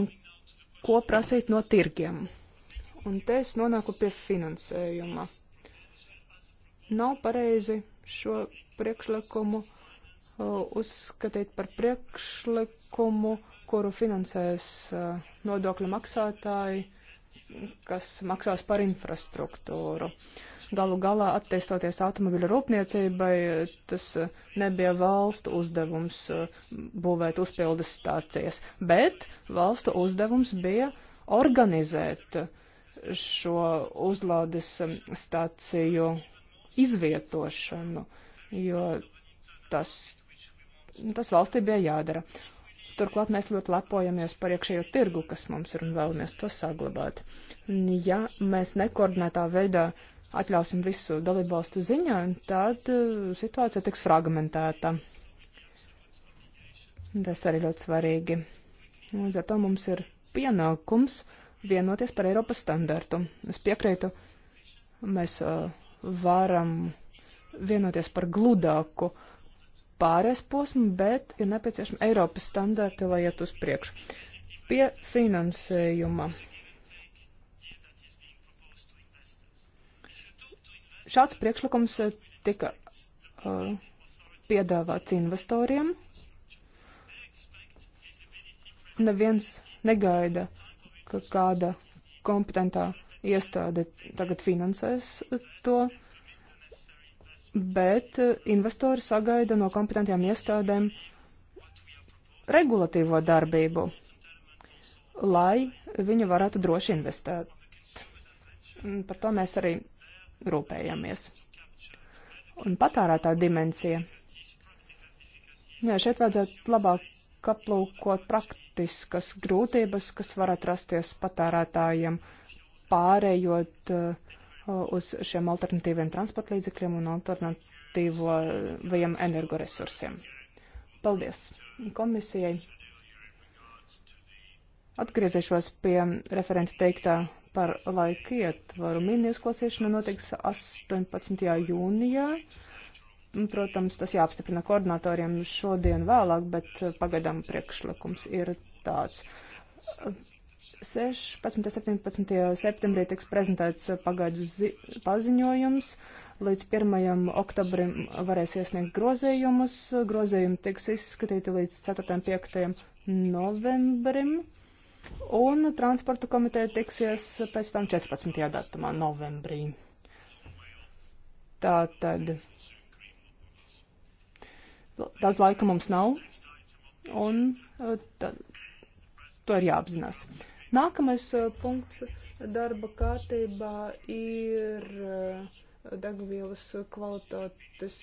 ko prasīt no tirgiem. Un te es nonāku pie finansējuma. Nav pareizi šo priekšlikumu uh, uzskatīt par priekšlikumu, kuru finansēs uh, nodokļu maksātāji, kas maksās par infrastruktūru. Uh, Galu galā, attīstoties automobiļu rūpniecībai, tas eh, nebija valstu uzdevums eh, būvēt uzpildes stācijas, bet valstu uzdevums bija organizēt eh, šo uzlādes stāciju izvietošanu, jo tas, tas valstī bija jādara. Turklāt mēs ļoti lepojamies par iekšējo tirgu, kas mums ir un vēlamies to saglabāt. Ja mēs nekoordinētā veidā atļausim visu dalībvalstu ziņā, tad eh, situācija tiks fragmentēta. Tas arī ļoti svarīgi. Līdz ar to mums ir pienākums vienoties par Eiropas standartu. Es piekrītu, mēs eh, varam vienoties par gludāku pārējais posmu, bet ir nepieciešami Eiropas standarti, lai iet uz priekšu. Pie finansējuma Šāds priekšlikums eh, tika uh, piedāvāts investoriem. Neviens negaida, ka kāda kompetentā iestāde tagad finansēs eh, to, bet investori sagaida no kompetentiem iestādēm regulatīvo darbību, lai viņi varētu droši investēt. Mm, par to mēs arī rūpējamies. Un patārētā dimensija. Jā, šeit vajadzētu labāk aplūkot praktiskas grūtības, kas var atrasties patērētājiem pārējot uh, uz šiem alternatīviem transportlīdzekļiem un alternatīvajiem energoresursiem. Paldies komisijai. Atgriezīšos pie referenta teiktā par laika ietvaru. Mini uzklausīšana notiks 18. jūnijā. Protams, tas jāapstiprina koordinatoriem šodien vēlāk, bet eh, pagaidām priekšlikums ir tāds. 16. un 17. septembrī tiks prezentēts pagaidu paziņojums. Līdz 1. oktobrim varēs iesniegt grozījumus. Grozījumi tiks izskatīti līdz 4. un 5. novembrim un transporta komiteja tiksies pēc tam 14. datumā, novembrī. Tātad daudz laika mums nav, un eh, tā, to ir jāapzinās. Nākamais eh, punkts darba kārtībā ir eh, degvielas kvalitātes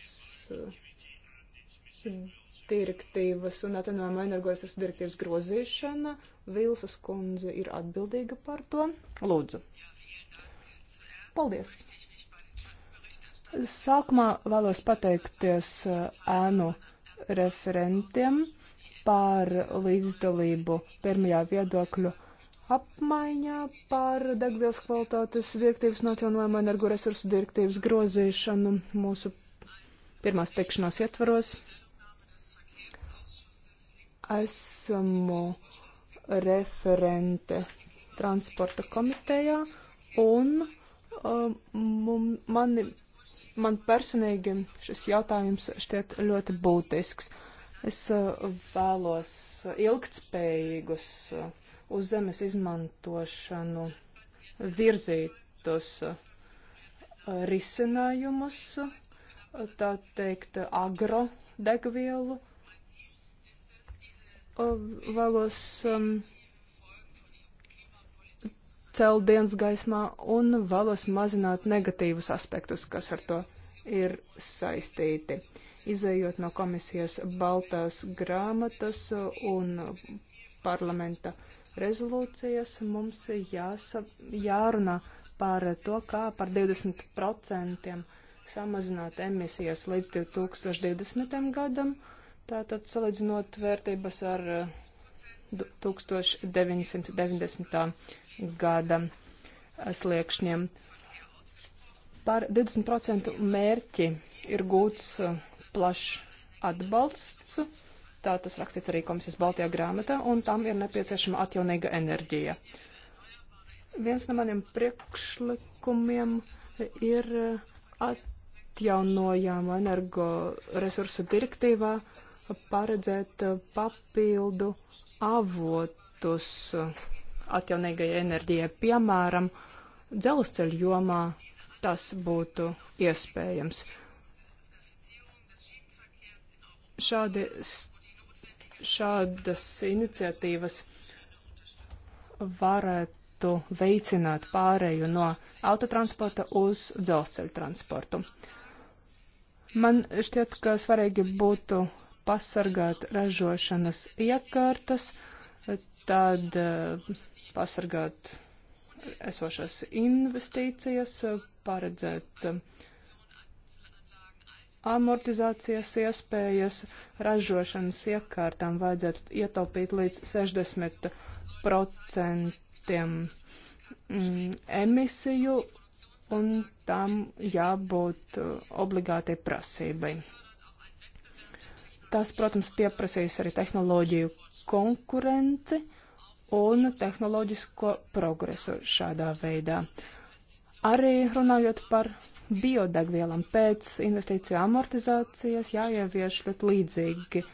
direktīvas un atvinojuma energojas direktīvas grozīšana Vilsas kundze ir atbildīga par to. Lūdzu. Paldies. Sākumā vēlos pateikties eh, ēnu referentiem par līdzdalību pirmajā viedokļu apmaiņā par degvielas kvalitātes direktīvas notilnojumu energoresursu direktīvas grozīšanu mūsu pirmās tikšanās ietvaros. Esmu referente transporta komitejā, un um, man, man personīgi šis jautājums šķiet ļoti būtisks. Es uh, vēlos ilgtspējīgus uh, uz zemes izmantošanu virzītus uh, risinājumus, uh, tā teikt, agrodegvielu vēlos um, celt dienas gaismā un vēlos mazināt negatīvus aspektus, kas ar to ir saistīti. Izējot no komisijas baltās grāmatas un parlamenta rezolūcijas, mums jāsa, jārunā par to, kā par 20% samazināt emisijas līdz 2020. gadam Tātad salīdzinot vērtības ar 1990. Eh, gada eh, sliekšņiem. Par 20% mērķi ir gūts eh, plašs atbalsts, tā tas rakstīts arī komisijas Baltijā grāmatā, un tam ir nepieciešama atjaunīga enerģija. Viens no maniem priekšlikumiem ir atjaunojama energoresursu direktīvā uh, paredzēt eh, papildu avotus atjaunīgai enerģijai, piemēram, dzelzceļu jomā tas būtu iespējams. Šādi, šādas iniciatīvas varētu veicināt pārēju no autotransporta uz dzelzceļu transportu. Man šķiet, ka svarīgi būtu pasargāt ražošanas iekārtas, tad eh, pasargāt esošas investīcijas, paredzēt eh, amortizācijas iespējas, ražošanas iekārtām vajadzētu ietaupīt līdz 60% mm, emisiju, un tam jābūt eh, obligātai prasībai. Tas, protams, pieprasīs arī tehnoloģiju konkurenci un tehnoloģisko progresu šādā veidā. Arī runājot par biodegvielām, pēc investīciju amortizācijas jāievieš ļoti līdzīgi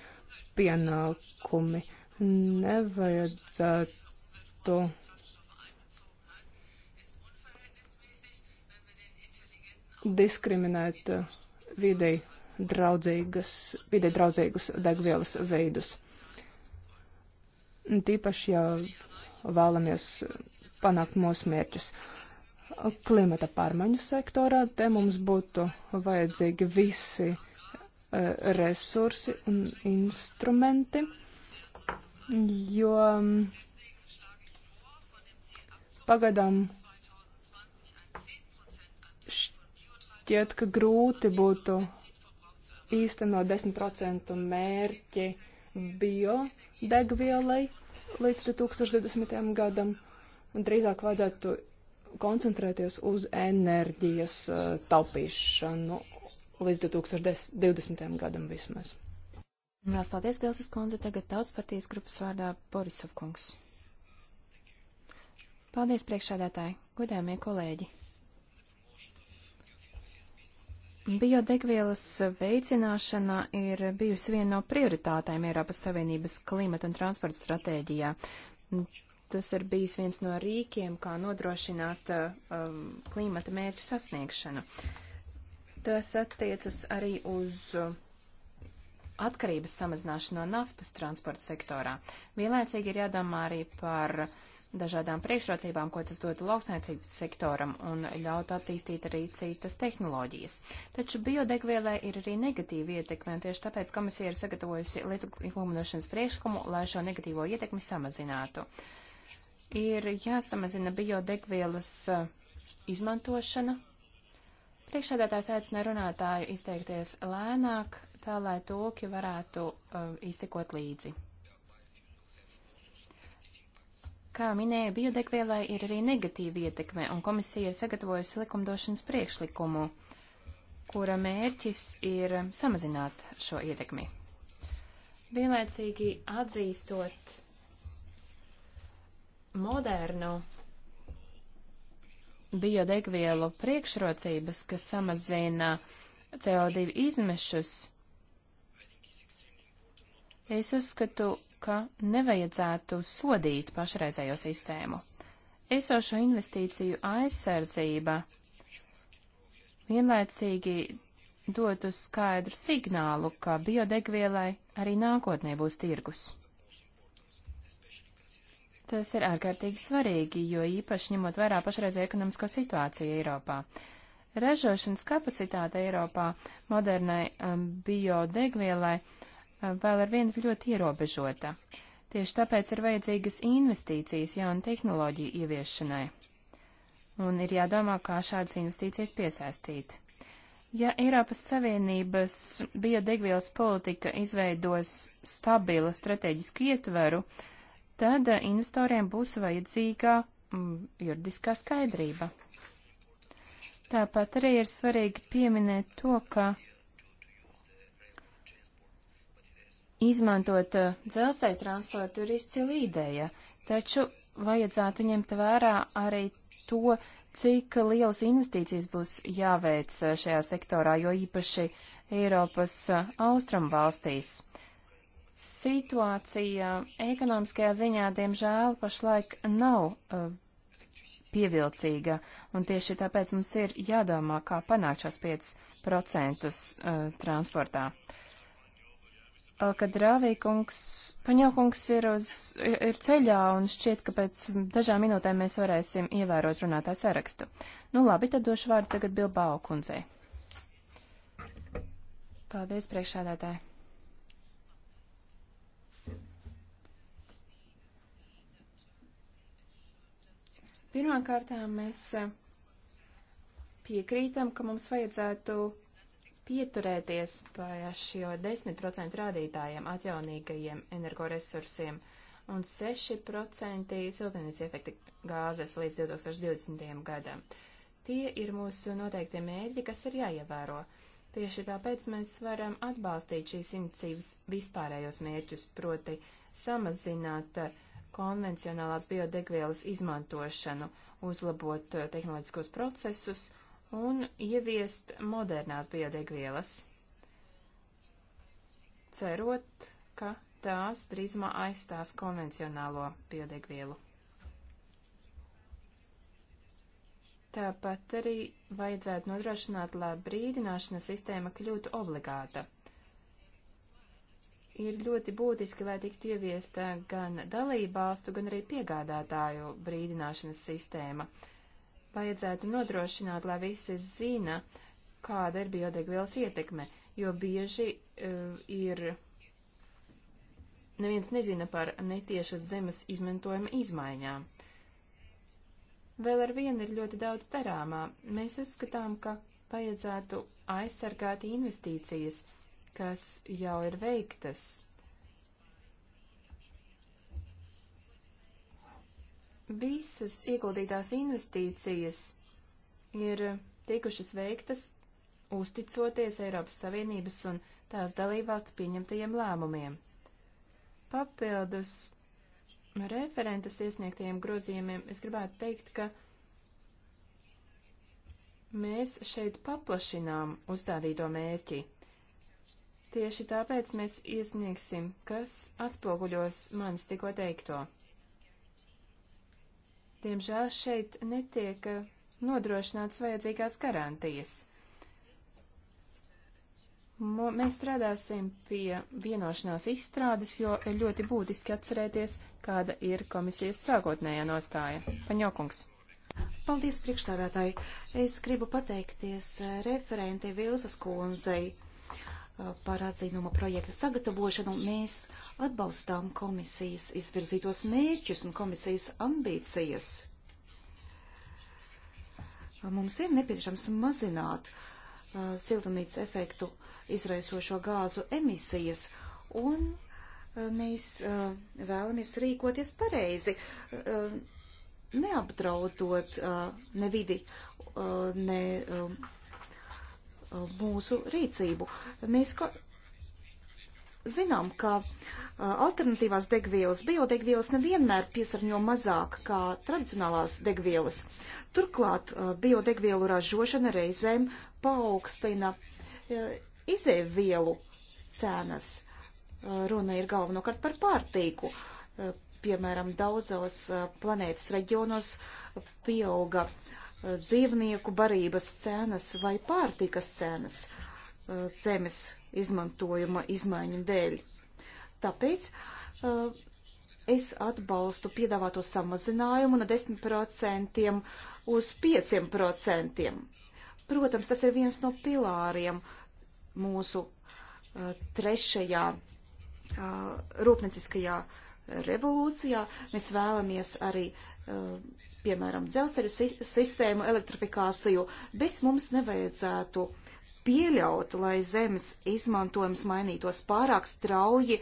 pienākumi. Nevajadzētu. diskriminēt uh, videi draudzīgas, vidē draudzīgus degvielas veidus. Tīpaši, ja vēlamies panākt mūsu mērķus. Klimata pārmaiņu sektorā te mums būtu vajadzīgi visi e, resursi un instrumenti, jo pagaidām šķiet, ka grūti būtu īsteno 10% mērķi biodegvielai līdz 2020. gadam, un drīzāk vajadzētu koncentrēties uz enerģijas uh, taupīšanu līdz 2020. gadam vismaz. Lielas paldies, Gelsas kundze. Tagad tautas partijas grupas vārdā Borisov kungs. Paldies, priekšādātāji, godāmie kolēģi! Biodegvielas veicināšana ir bijusi viena no prioritātēm Eiropas Savienības klimata un transporta stratēģijā. Tas ir bijis viens no rīkiem, kā nodrošināt um, klimata mērķu sasniegšanu. Tas attiecas arī uz atkarības samazināšanu no naftas transporta sektorā. Vienlaicīgi ir jādomā arī par uh, dažādām priekšrocībām, ko tas dotu lauksaimniecības sektoram un ļautu attīstīt arī citas tehnoloģijas. Taču biodegvielai ir arī negatīva ietekme, un tieši tāpēc komisija ir sagatavojusi lietu likumdošanas priekšlikumu, lai šo negatīvo ietekmi samazinātu. Ir jāsamazina biodegvielas eh, izmantošana. Priekšsēdētājs aicina runātāju izteikties lēnāk, tā lai tulki varētu uh, izsekot līdzi. Kā minēja, biodegvielai ir arī negatīva ietekme, un komisija ir sagatavojusi likumdošanas priekšlikumu, kura mērķis ir samazināt šo ietekmi. Vienlaicīgi atzīstot modernu biodegvielu priekšrocības, kas samazina CO2 izmešus, Es uzskatu, ka nevajadzētu sodīt pašreizējo sistēmu. Esošo investīciju aizsardzība vienlaicīgi dotu skaidru signālu, ka biodegvielai arī nākotnē būs tirgus. Tas ir ārkārtīgi svarīgi, jo īpaši ņemot vērā pašreizēju ekonomisko situāciju Eiropā. Ražošanas kapacitāte Eiropā modernai um, biodegvielai vēl ar vienu ļoti ierobežota. Tieši tāpēc ir vajadzīgas investīcijas jaunu tehnoloģiju ieviešanai. Un ir jādomā, kā šādas investīcijas piesaistīt. Ja Eiropas Savienības biodegvielas politika izveidos stabilu strateģisku ietveru, tad investoriem būs vajadzīgā mm, juridiskā skaidrība. Tāpat arī ir svarīgi pieminēt to, ka Izmantot eh, dzelzceļa transportu ir izcila ideja, taču vajadzētu ņemt vērā arī to, cik lielas investīcijas būs jāveic eh, šajā sektorā, jo īpaši Eiropas eh, austrumu valstīs. Situācija ekonomiskajā ziņā, diemžēl, pašlaik nav uh, pievilcīga, un tieši tāpēc mums ir jādomā, kā panākt šos 5% uh, transportā. Uh, Uh, kad Rāvīkungs, paņaukungs ir, uz, ir ceļā un šķiet, ka pēc dažām minūtēm mēs varēsim ievērot runātāju sarakstu. Nu labi, tad došu vārdu tagad Bilbao kundzei. Paldies, priekšādātāji. Pirmkārtām mēs uh, piekrītam, ka mums vajadzētu pieturēties pie šo 10% rādītājiem atjaunīgajiem energoresursiem un 6% siltumnīca efekta gāzes līdz 2020. gadam. Tie ir mūsu noteiktie mērķi, kas ir jāievēro. Tieši tāpēc mēs varam atbalstīt šīs inicīvas vispārējos mērķus, proti samazināt konvencionālās biodegvielas izmantošanu, uzlabot tehnoloģiskos procesus un ieviest modernās biodegvielas, cerot, ka tās drīzumā aizstās konvencionālo biodegvielu. Tāpat arī vajadzētu nodrošināt, lai brīdināšana sistēma kļūtu obligāta. Ir ļoti būtiski, lai tiktu ieviesta gan dalībvalstu, gan arī piegādātāju brīdināšanas sistēma. Uh, Vajadzētu nodrošināt, lai visi zina, kāda ir biodegvielas ietekme, jo bieži uh, ir neviens nezina par netiešas zemes izmantojuma izmaiņām. Vēl ar vienu ir ļoti daudz darāmā. Mēs uzskatām, ka vajadzētu aizsargāt investīcijas, kas jau ir veiktas visas ieguldītās investīcijas ir tikušas veiktas uzticoties Eiropas Savienības un tās dalībvalstu pieņemtajiem lēmumiem. Papildus referentes iesniegtajiem grozījumiem es gribētu teikt, ka mēs šeit paplašinām uzstādīto mērķi. Tieši tāpēc mēs iesniegsim, kas atspoguļos manis tikko teikto. Diemžēl šeit netiek eh, nodrošināts vajadzīgās garantijas. Mēs strādāsim pie vienošanās izstrādes, jo ir ļoti būtiski atcerēties, kāda ir komisijas sākotnējā nostāja. Paņokungs. Paldies, priekšstādātāji. Es gribu pateikties eh, referentei Vilsas kundzei par atzinuma projekta sagatavošanu, mēs atbalstām komisijas izvirzītos mērķus un komisijas ambīcijas. Mums ir nepieciešams mazināt uh, siltumnīcas efektu izraisošo gāzu emisijas, un uh, mēs uh, vēlamies rīkoties pareizi, neapdraudot ne vidi, ne mūsu rīcību. Mēs ko... zinām, ka alternatīvās degvielas, biodegvielas nevienmēr piesārņo mazāk kā tradicionālās degvielas. Turklāt biodegvielu ražošana reizēm paaugstina izēvielu cenas. Runa ir galvenokārt par pārtīku. Piemēram, daudzos planētas reģionos pieauga uh, dzīvnieku barības cenas vai pārtikas cenas uh, zemes izmantojuma izmaiņu dēļ. Tāpēc uh, es atbalstu piedāvāto samazinājumu no 10% uz 5%. Protams, tas ir viens no pilāriem mūsu uh, trešajā rūpnieciskajā revolūcijā. Mēs vēlamies arī piemēram, dzelzceļu sistēmu elektrifikāciju, bez mums nevajadzētu pieļaut, lai zemes izmantojums mainītos pārāk strauji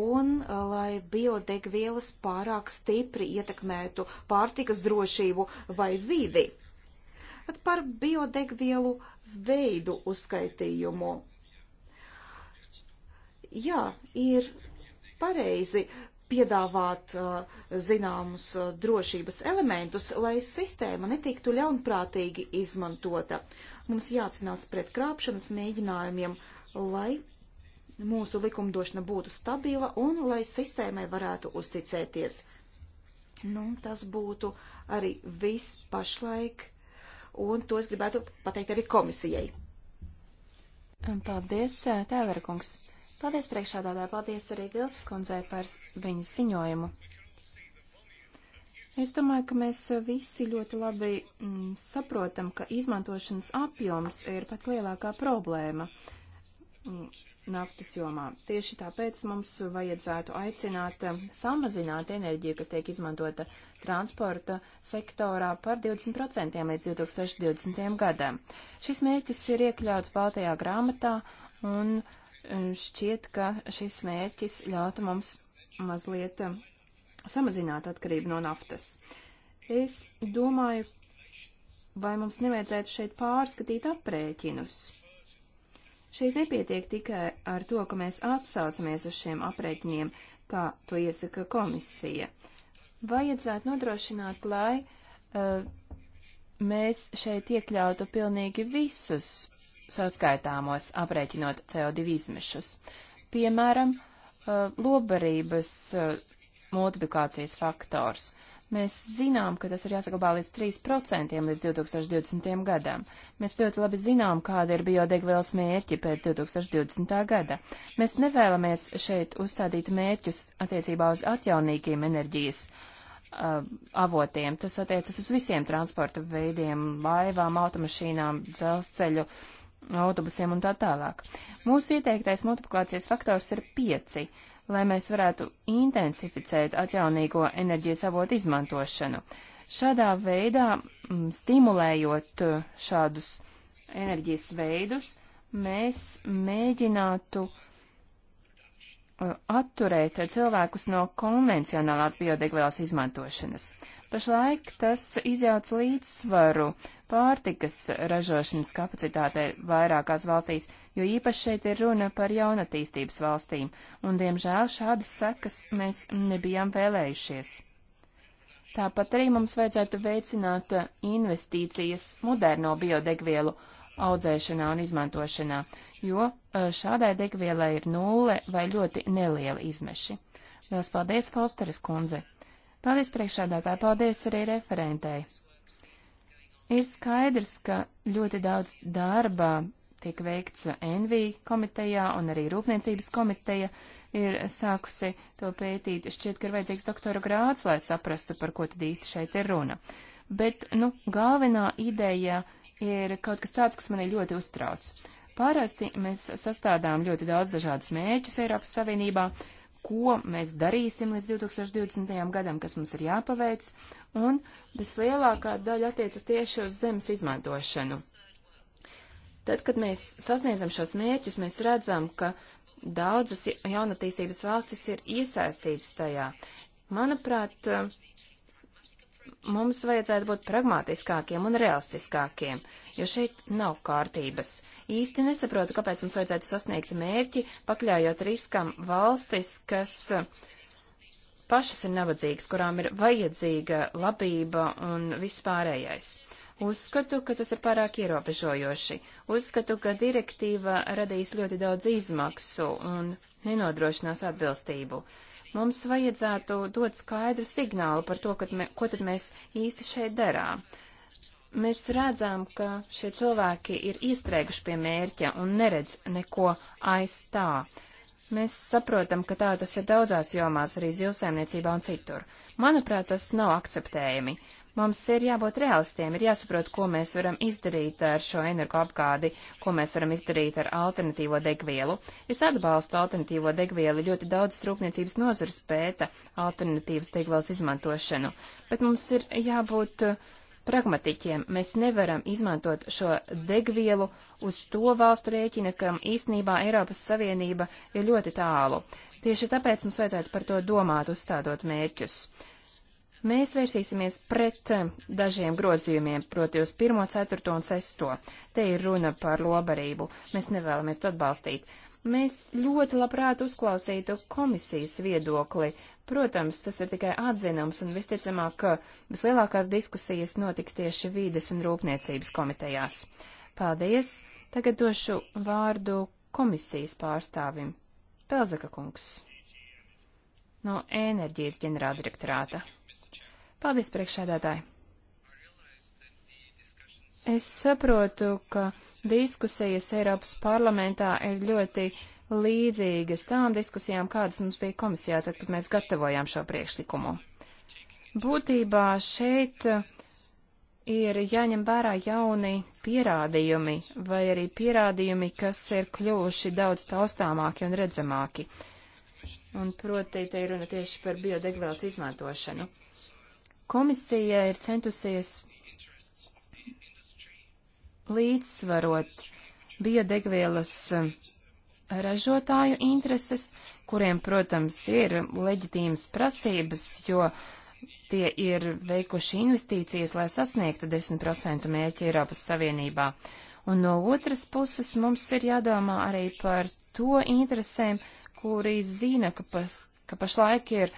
un uh, lai biodegvielas pārāk stipri ietekmētu pārtikas drošību vai vidi. At par biodegvielu veidu uzskaitījumu. Jā, ir pareizi piedāvāt uh, zināmus uh, drošības elementus, lai sistēma netiktu ļaunprātīgi izmantota. Mums jācinās pret krāpšanas mēģinājumiem, lai mūsu likumdošana būtu stabila un lai sistēmai varētu uzticēties. Nu, tas būtu arī viss pašlaik, un to es gribētu pateikt arī komisijai. Paldies, Tēlera kungs. Paldies priekšādātāji, paldies arī Gilsas kundzei par viņas ziņojumu. Es domāju, ka mēs visi ļoti labi m, mm, saprotam, ka izmantošanas apjoms ir pat lielākā problēma m, mm, naftas jomā. Tieši tāpēc mums vajadzētu aicināt mm, samazināt enerģiju, kas tiek izmantota transporta sektorā par 20% līdz 2020. gadam. Šis mērķis ir iekļauts Baltajā grāmatā un uh, Ehm, šķiet, ka šis mērķis ļautu mums mazliet ehm, samazināt atkarību no naftas. Es domāju, vai mums nevajadzētu šeit pārskatīt aprēķinus. Šeit nepietiek tikai ar to, ka mēs atsaucamies uz šiem aprēķiniem, kā to iesaka komisija. Vajadzētu nodrošināt, lai uh, mēs šeit iekļautu pilnīgi visus saskaitāmos, aprēķinot CO2 izmešus. Piemēram, uh, lobarības uh, multiplikācijas faktors. Mēs zinām, ka tas ir jāsaglabā līdz 3% līdz 2020. gadam. Mēs ļoti labi zinām, kāda ir biodegvielas mērķi pēc 2020. gada. Mēs nevēlamies šeit uzstādīt mērķus attiecībā uz atjaunīgiem enerģijas uh, avotiem. Tas attiecas uz visiem transporta veidiem - laivām, automašīnām, dzelzceļu, uh, autobusiem un tā tālāk. Mūsu ieteiktais multiplikācijas faktors ir 5, lai mēs varētu intensificēt atjaunīgo enerģijas avotu izmantošanu. Šādā veidā, m, mm, stimulējot eh, šādus enerģijas veidus, mēs mēģinātu eh, atturēt cilvēkus no konvencionālās biodegvielas izmantošanas. Pašlaik tas izjauc līdzsvaru pārtikas ražošanas kapacitātei vairākās valstīs, jo īpaši šeit ir runa par jaunatīstības valstīm, un diemžēl šādas sekas mēs nebijām vēlējušies. Tāpat arī mums vajadzētu veicināt investīcijas moderno biodegvielu audzēšanā un izmantošanā, jo e, šādai degvielai ir nulle vai ļoti nelieli izmeši. Lielas paldies, Kosteres kundze! Paldies priekšādātāji, paldies arī referentei. Ir skaidrs, ka ļoti daudz darba tiek veikts NV komitejā un arī Rūpniecības komiteja ir sākusi to pētīt. Šķiet, ka ir vajadzīgs doktora grāds, lai saprastu, par ko tad īsti šeit ir runa. Bet, nu, galvenā ideja ir kaut kas tāds, kas mani ļoti uztrauc. Parasti mēs sastādām ļoti daudz dažādus mēķus Eiropas Savienībā, ko mēs darīsim līdz 2020. gadam, kas mums ir jāpaveic, un vislielākā daļa attiecas tieši uz zemes izmantošanu. Tad, kad mēs sasniedzam šos mērķus, mēs redzam, ka daudzas jaunatīstības valstis ir iesaistītas tajā. Manuprāt, uh, mums vajadzētu būt pragmatiskākiem un realistiskākiem, jo šeit nav kārtības. Īsti nesaprotu, kāpēc mums vajadzētu sasniegt mērķi, pakļaujot riskam valstis, kas pašas ir nabadzīgas, kurām ir vajadzīga labība un vispārējais. Uzskatu, ka tas ir pārāk ierobežojoši. Uzskatu, ka direktīva radīs ļoti daudz izmaksu un nenodrošinās atbilstību. Mums vajadzētu dot skaidru signālu par to, mē, ko tad mēs īsti šeit darām. Mēs redzam, ka šie cilvēki ir iestrēguši pie mērķa un neredz neko aiz tā. Mēs saprotam, ka tā tas ir daudzās jomās, arī zilsēmniecībā un citur. Manuprāt, tas nav akceptējami. Uh, Mums ir jābūt realistiem, ir jāsaprot, ko mēs varam izdarīt ar šo energoapgādi, ko mēs varam izdarīt ar alternatīvo degvielu. Es atbalstu alternatīvo degvielu, ļoti daudz rūpniecības nozars pēta alternatīvas degvielas izmantošanu, bet mums ir jābūt uh, pragmatiķiem. Mēs nevaram izmantot šo degvielu uz to valstu rēķina, kam īstenībā Eiropas Savienība ir ļoti tālu. Tieši tāpēc mums vajadzētu par to domāt, uzstādot mērķus. Mēs vērsīsimies pret eh, dažiem grozījumiem, proti uz 1, 4 un 6. Te ir runa par lobarību. Mēs nevēlamies to atbalstīt. Mēs ļoti labprāt uzklausītu komisijas viedokli. Protams, tas ir tikai atzinums, un visticamāk, ka vislielākās diskusijas notiks tieši vīdes un rūpniecības komitejās. Paldies! Tagad došu vārdu komisijas pārstāvim. Pelzaka kungs. No enerģijas ģenerāldirektorāta. Paldies, priekšsēdētāji! Es saprotu, ka diskusijas Eiropas parlamentā ir ļoti līdzīgas tām diskusijām, kādas mums bija komisijā, tad, kad mēs gatavojām šo priekšlikumu. Būtībā šeit uh, ir jāņem vērā jauni pierādījumi, vai arī pierādījumi, kas ir kļuvuši daudz taustāmāki un redzamāki. Un proti, te ir runa tieši par biodegvielas izmantošanu. Komisija ir centusies līdzsvarot biodegvielas eh, ražotāju intereses, kuriem, protams, ir leģitīmas prasības, jo tie ir veikuši investīcijas, lai sasniegtu 10% mērķi Eiropas Savienībā. Un no otras puses mums ir jādomā arī par to interesēm, kuri zina, ka, pas, ka pašlaik ir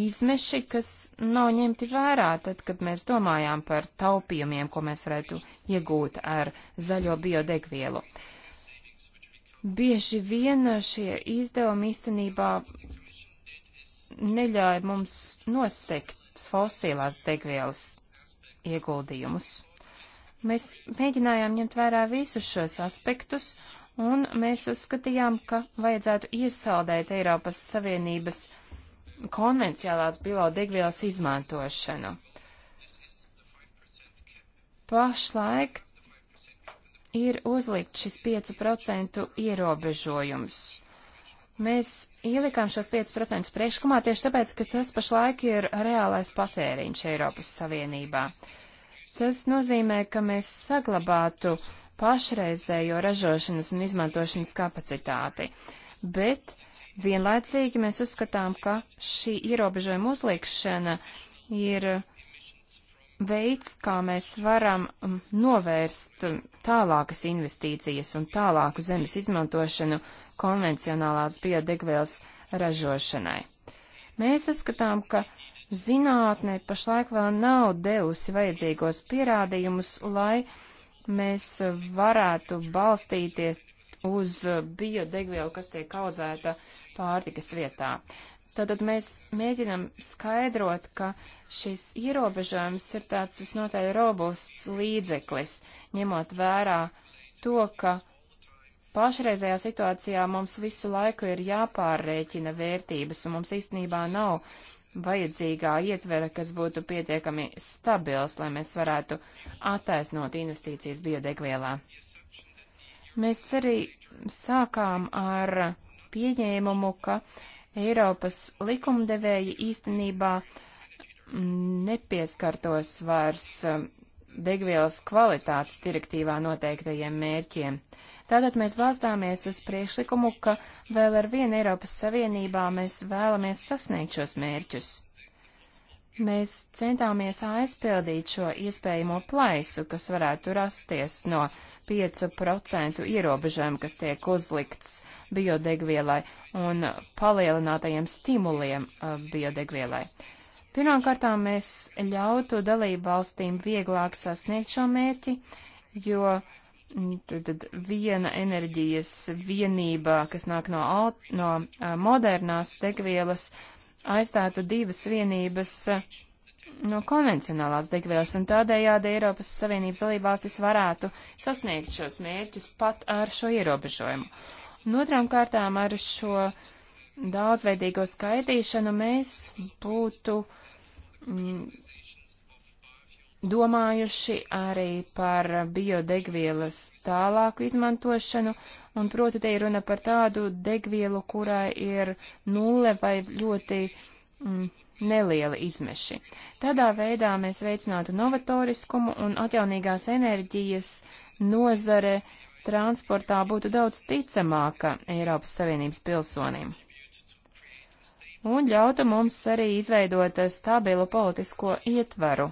izmeši, kas nav ņemti vērā, tad, kad mēs domājām par taupījumiem, ko mēs varētu iegūt ar zaļo biodegvielu. Bieži vien šie izdevumi īstenībā neļauj mums nosekt fosilās degvielas ieguldījumus. Mēs mēģinājām ņemt vērā visus šos aspektus, un mēs uzskatījām, ka vajadzētu iesaldēt Eiropas Savienības konvenciālās biodegvielas izmantošanu. Pašlaik ir uzlikt šis 5% ierobežojums. Mēs ielikām šos 5% priekšlikumā tieši tāpēc, ka tas pašlaik ir reālais patēriņš Eiropas Savienībā. Tas nozīmē, ka mēs saglabātu pašreizējo ražošanas un izmantošanas kapacitāti, bet Vienlaicīgi mēs uzskatām, ka šī ierobežojuma uzliekšana ir veids, kā mēs varam um, novērst um, tālākas investīcijas un tālāku zemes izmantošanu konvencionālās biodegvielas ražošanai. Mēs uzskatām, ka zinātne pašlaik vēl nav devusi vajadzīgos pierādījumus, lai mēs varētu balstīties uz biodegvielu, kas tiek audzēta pārtikas vietā. Tātad mēs mēģinam skaidrot, ka šis ierobežojums ir tāds visnotaļ robusts līdzeklis, ņemot vērā to, ka pašreizējā situācijā mums visu laiku ir jāpārrēķina vērtības, un mums īstenībā nav vajadzīgā ietvera, kas būtu pietiekami stabils, lai mēs varētu attaisnot investīcijas biodegvielā. Mēs arī sākām ar pieņēmumu, ka Eiropas likumdevēji īstenībā nepieskartos vairs um, degvielas kvalitātes direktīvā noteiktajiem mērķiem. Tātad mēs balstāmies uz priekšlikumu, ka vēl ar vienu Eiropas Savienībā mēs vēlamies sasniegt šos mērķus. Mēs centāmies aizpildīt šo iespējamo plaisu, kas varētu rasties no 5% ierobežojuma, kas tiek uzlikts biodegvielai un palielinātajiem stimuliem uh, biodegvielai. Pirmkārtām mēs ļautu dalību valstīm vieglāk sasniegt šo mērķi, jo mm, tad, tad viena enerģijas vienība, kas nāk no, no uh, modernās degvielas, uh, aizstātu divas vienības eh, no konvencionālās degvielas, un tādējādi Eiropas Savienības dalībvalstis varētu sasniegt šos mērķus pat ar šo ierobežojumu. Un otrām kārtām ar šo daudzveidīgo skaitīšanu mēs būtu mm, domājuši arī par biodegvielas tālāku izmantošanu un proti te ir runa par tādu degvielu, kurā ir nulle vai ļoti mm, nelieli izmeši. Tādā veidā mēs veicinātu novatoriskumu un atjaunīgās enerģijas nozare transportā būtu daudz ticamāka Eiropas Savienības pilsonim. Un ļautu mums arī izveidot stabilu politisko ietvaru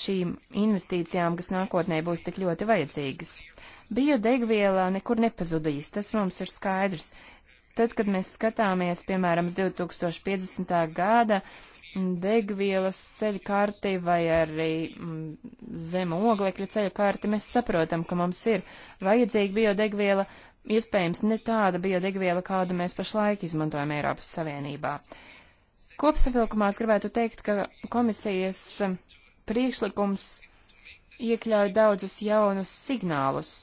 šīm investīcijām, kas nākotnē būs tik ļoti vajadzīgas. Biodegviela nekur nepazudīs, tas mums ir skaidrs. Tad, kad mēs skatāmies, piemēram, uz 2050. gada degvielas ceļu karti vai arī zema oglekļa ceļu karti, mēs saprotam, ka mums ir vajadzīga biodegviela, iespējams ne tāda biodegviela, kādu mēs pašlaik izmantojam Eiropas Savienībā. Kopsavilkumā es gribētu teikt, ka komisijas priekšlikums iekļauj daudzus jaunus signālus,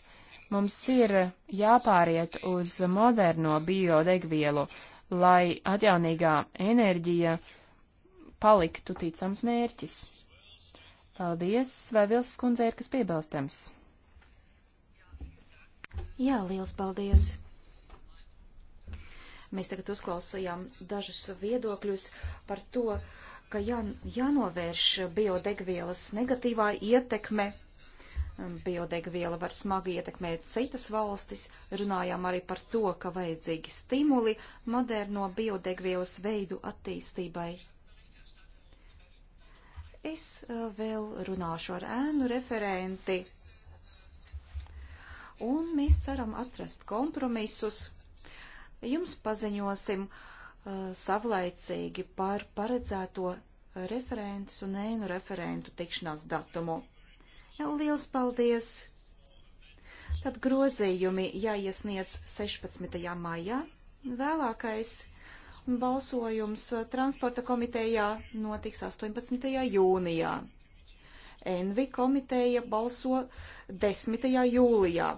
Mums ir jāpāriet uz moderno biodegvielu, lai atjaunīgā enerģija paliktu ticams mērķis. Paldies, vai Vilsas kundze ir kas piebilstams? Jā, liels paldies! Mēs tagad uzklausījām dažus viedokļus par to, ka jā, jānovērš biodegvielas negatīvā ietekme Um, biodegviela var smagi ietekmēt citas valstis. Runājām arī par to, ka vajadzīgi stimuli moderno biodegvielas veidu attīstībai. Es uh, vēl runāšu ar ēnu referenti, un mēs ceram atrast kompromisus. Jums paziņosim uh, savlaicīgi par paredzēto referentes un ēnu referentu tikšanās datumu. Liels paldies! Tad grozījumi jāiesniedz 16. maijā, vēlākais balsojums transporta komitejā notiks 18. jūnijā. Envi komiteja balso 10. jūlijā.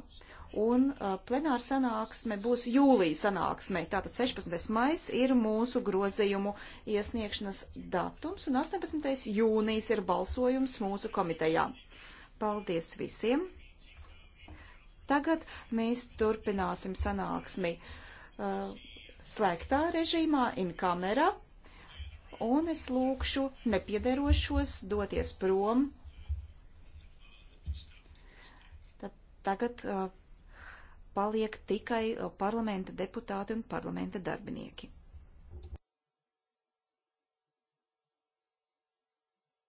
Un uh, plenāra sanāksme būs jūlija sanāksme. Tātad 16. mais ir mūsu grozījumu iesniegšanas datums un 18. jūnijas ir balsojums mūsu komitejā. Paldies visiem! Tagad mēs turpināsim sanāksmi uh, slēgtā režīmā, in kamera, un es lūkšu nepiederošos doties prom. Tad, tagad uh, paliek tikai uh, parlamenta deputāti un parlamenta darbinieki.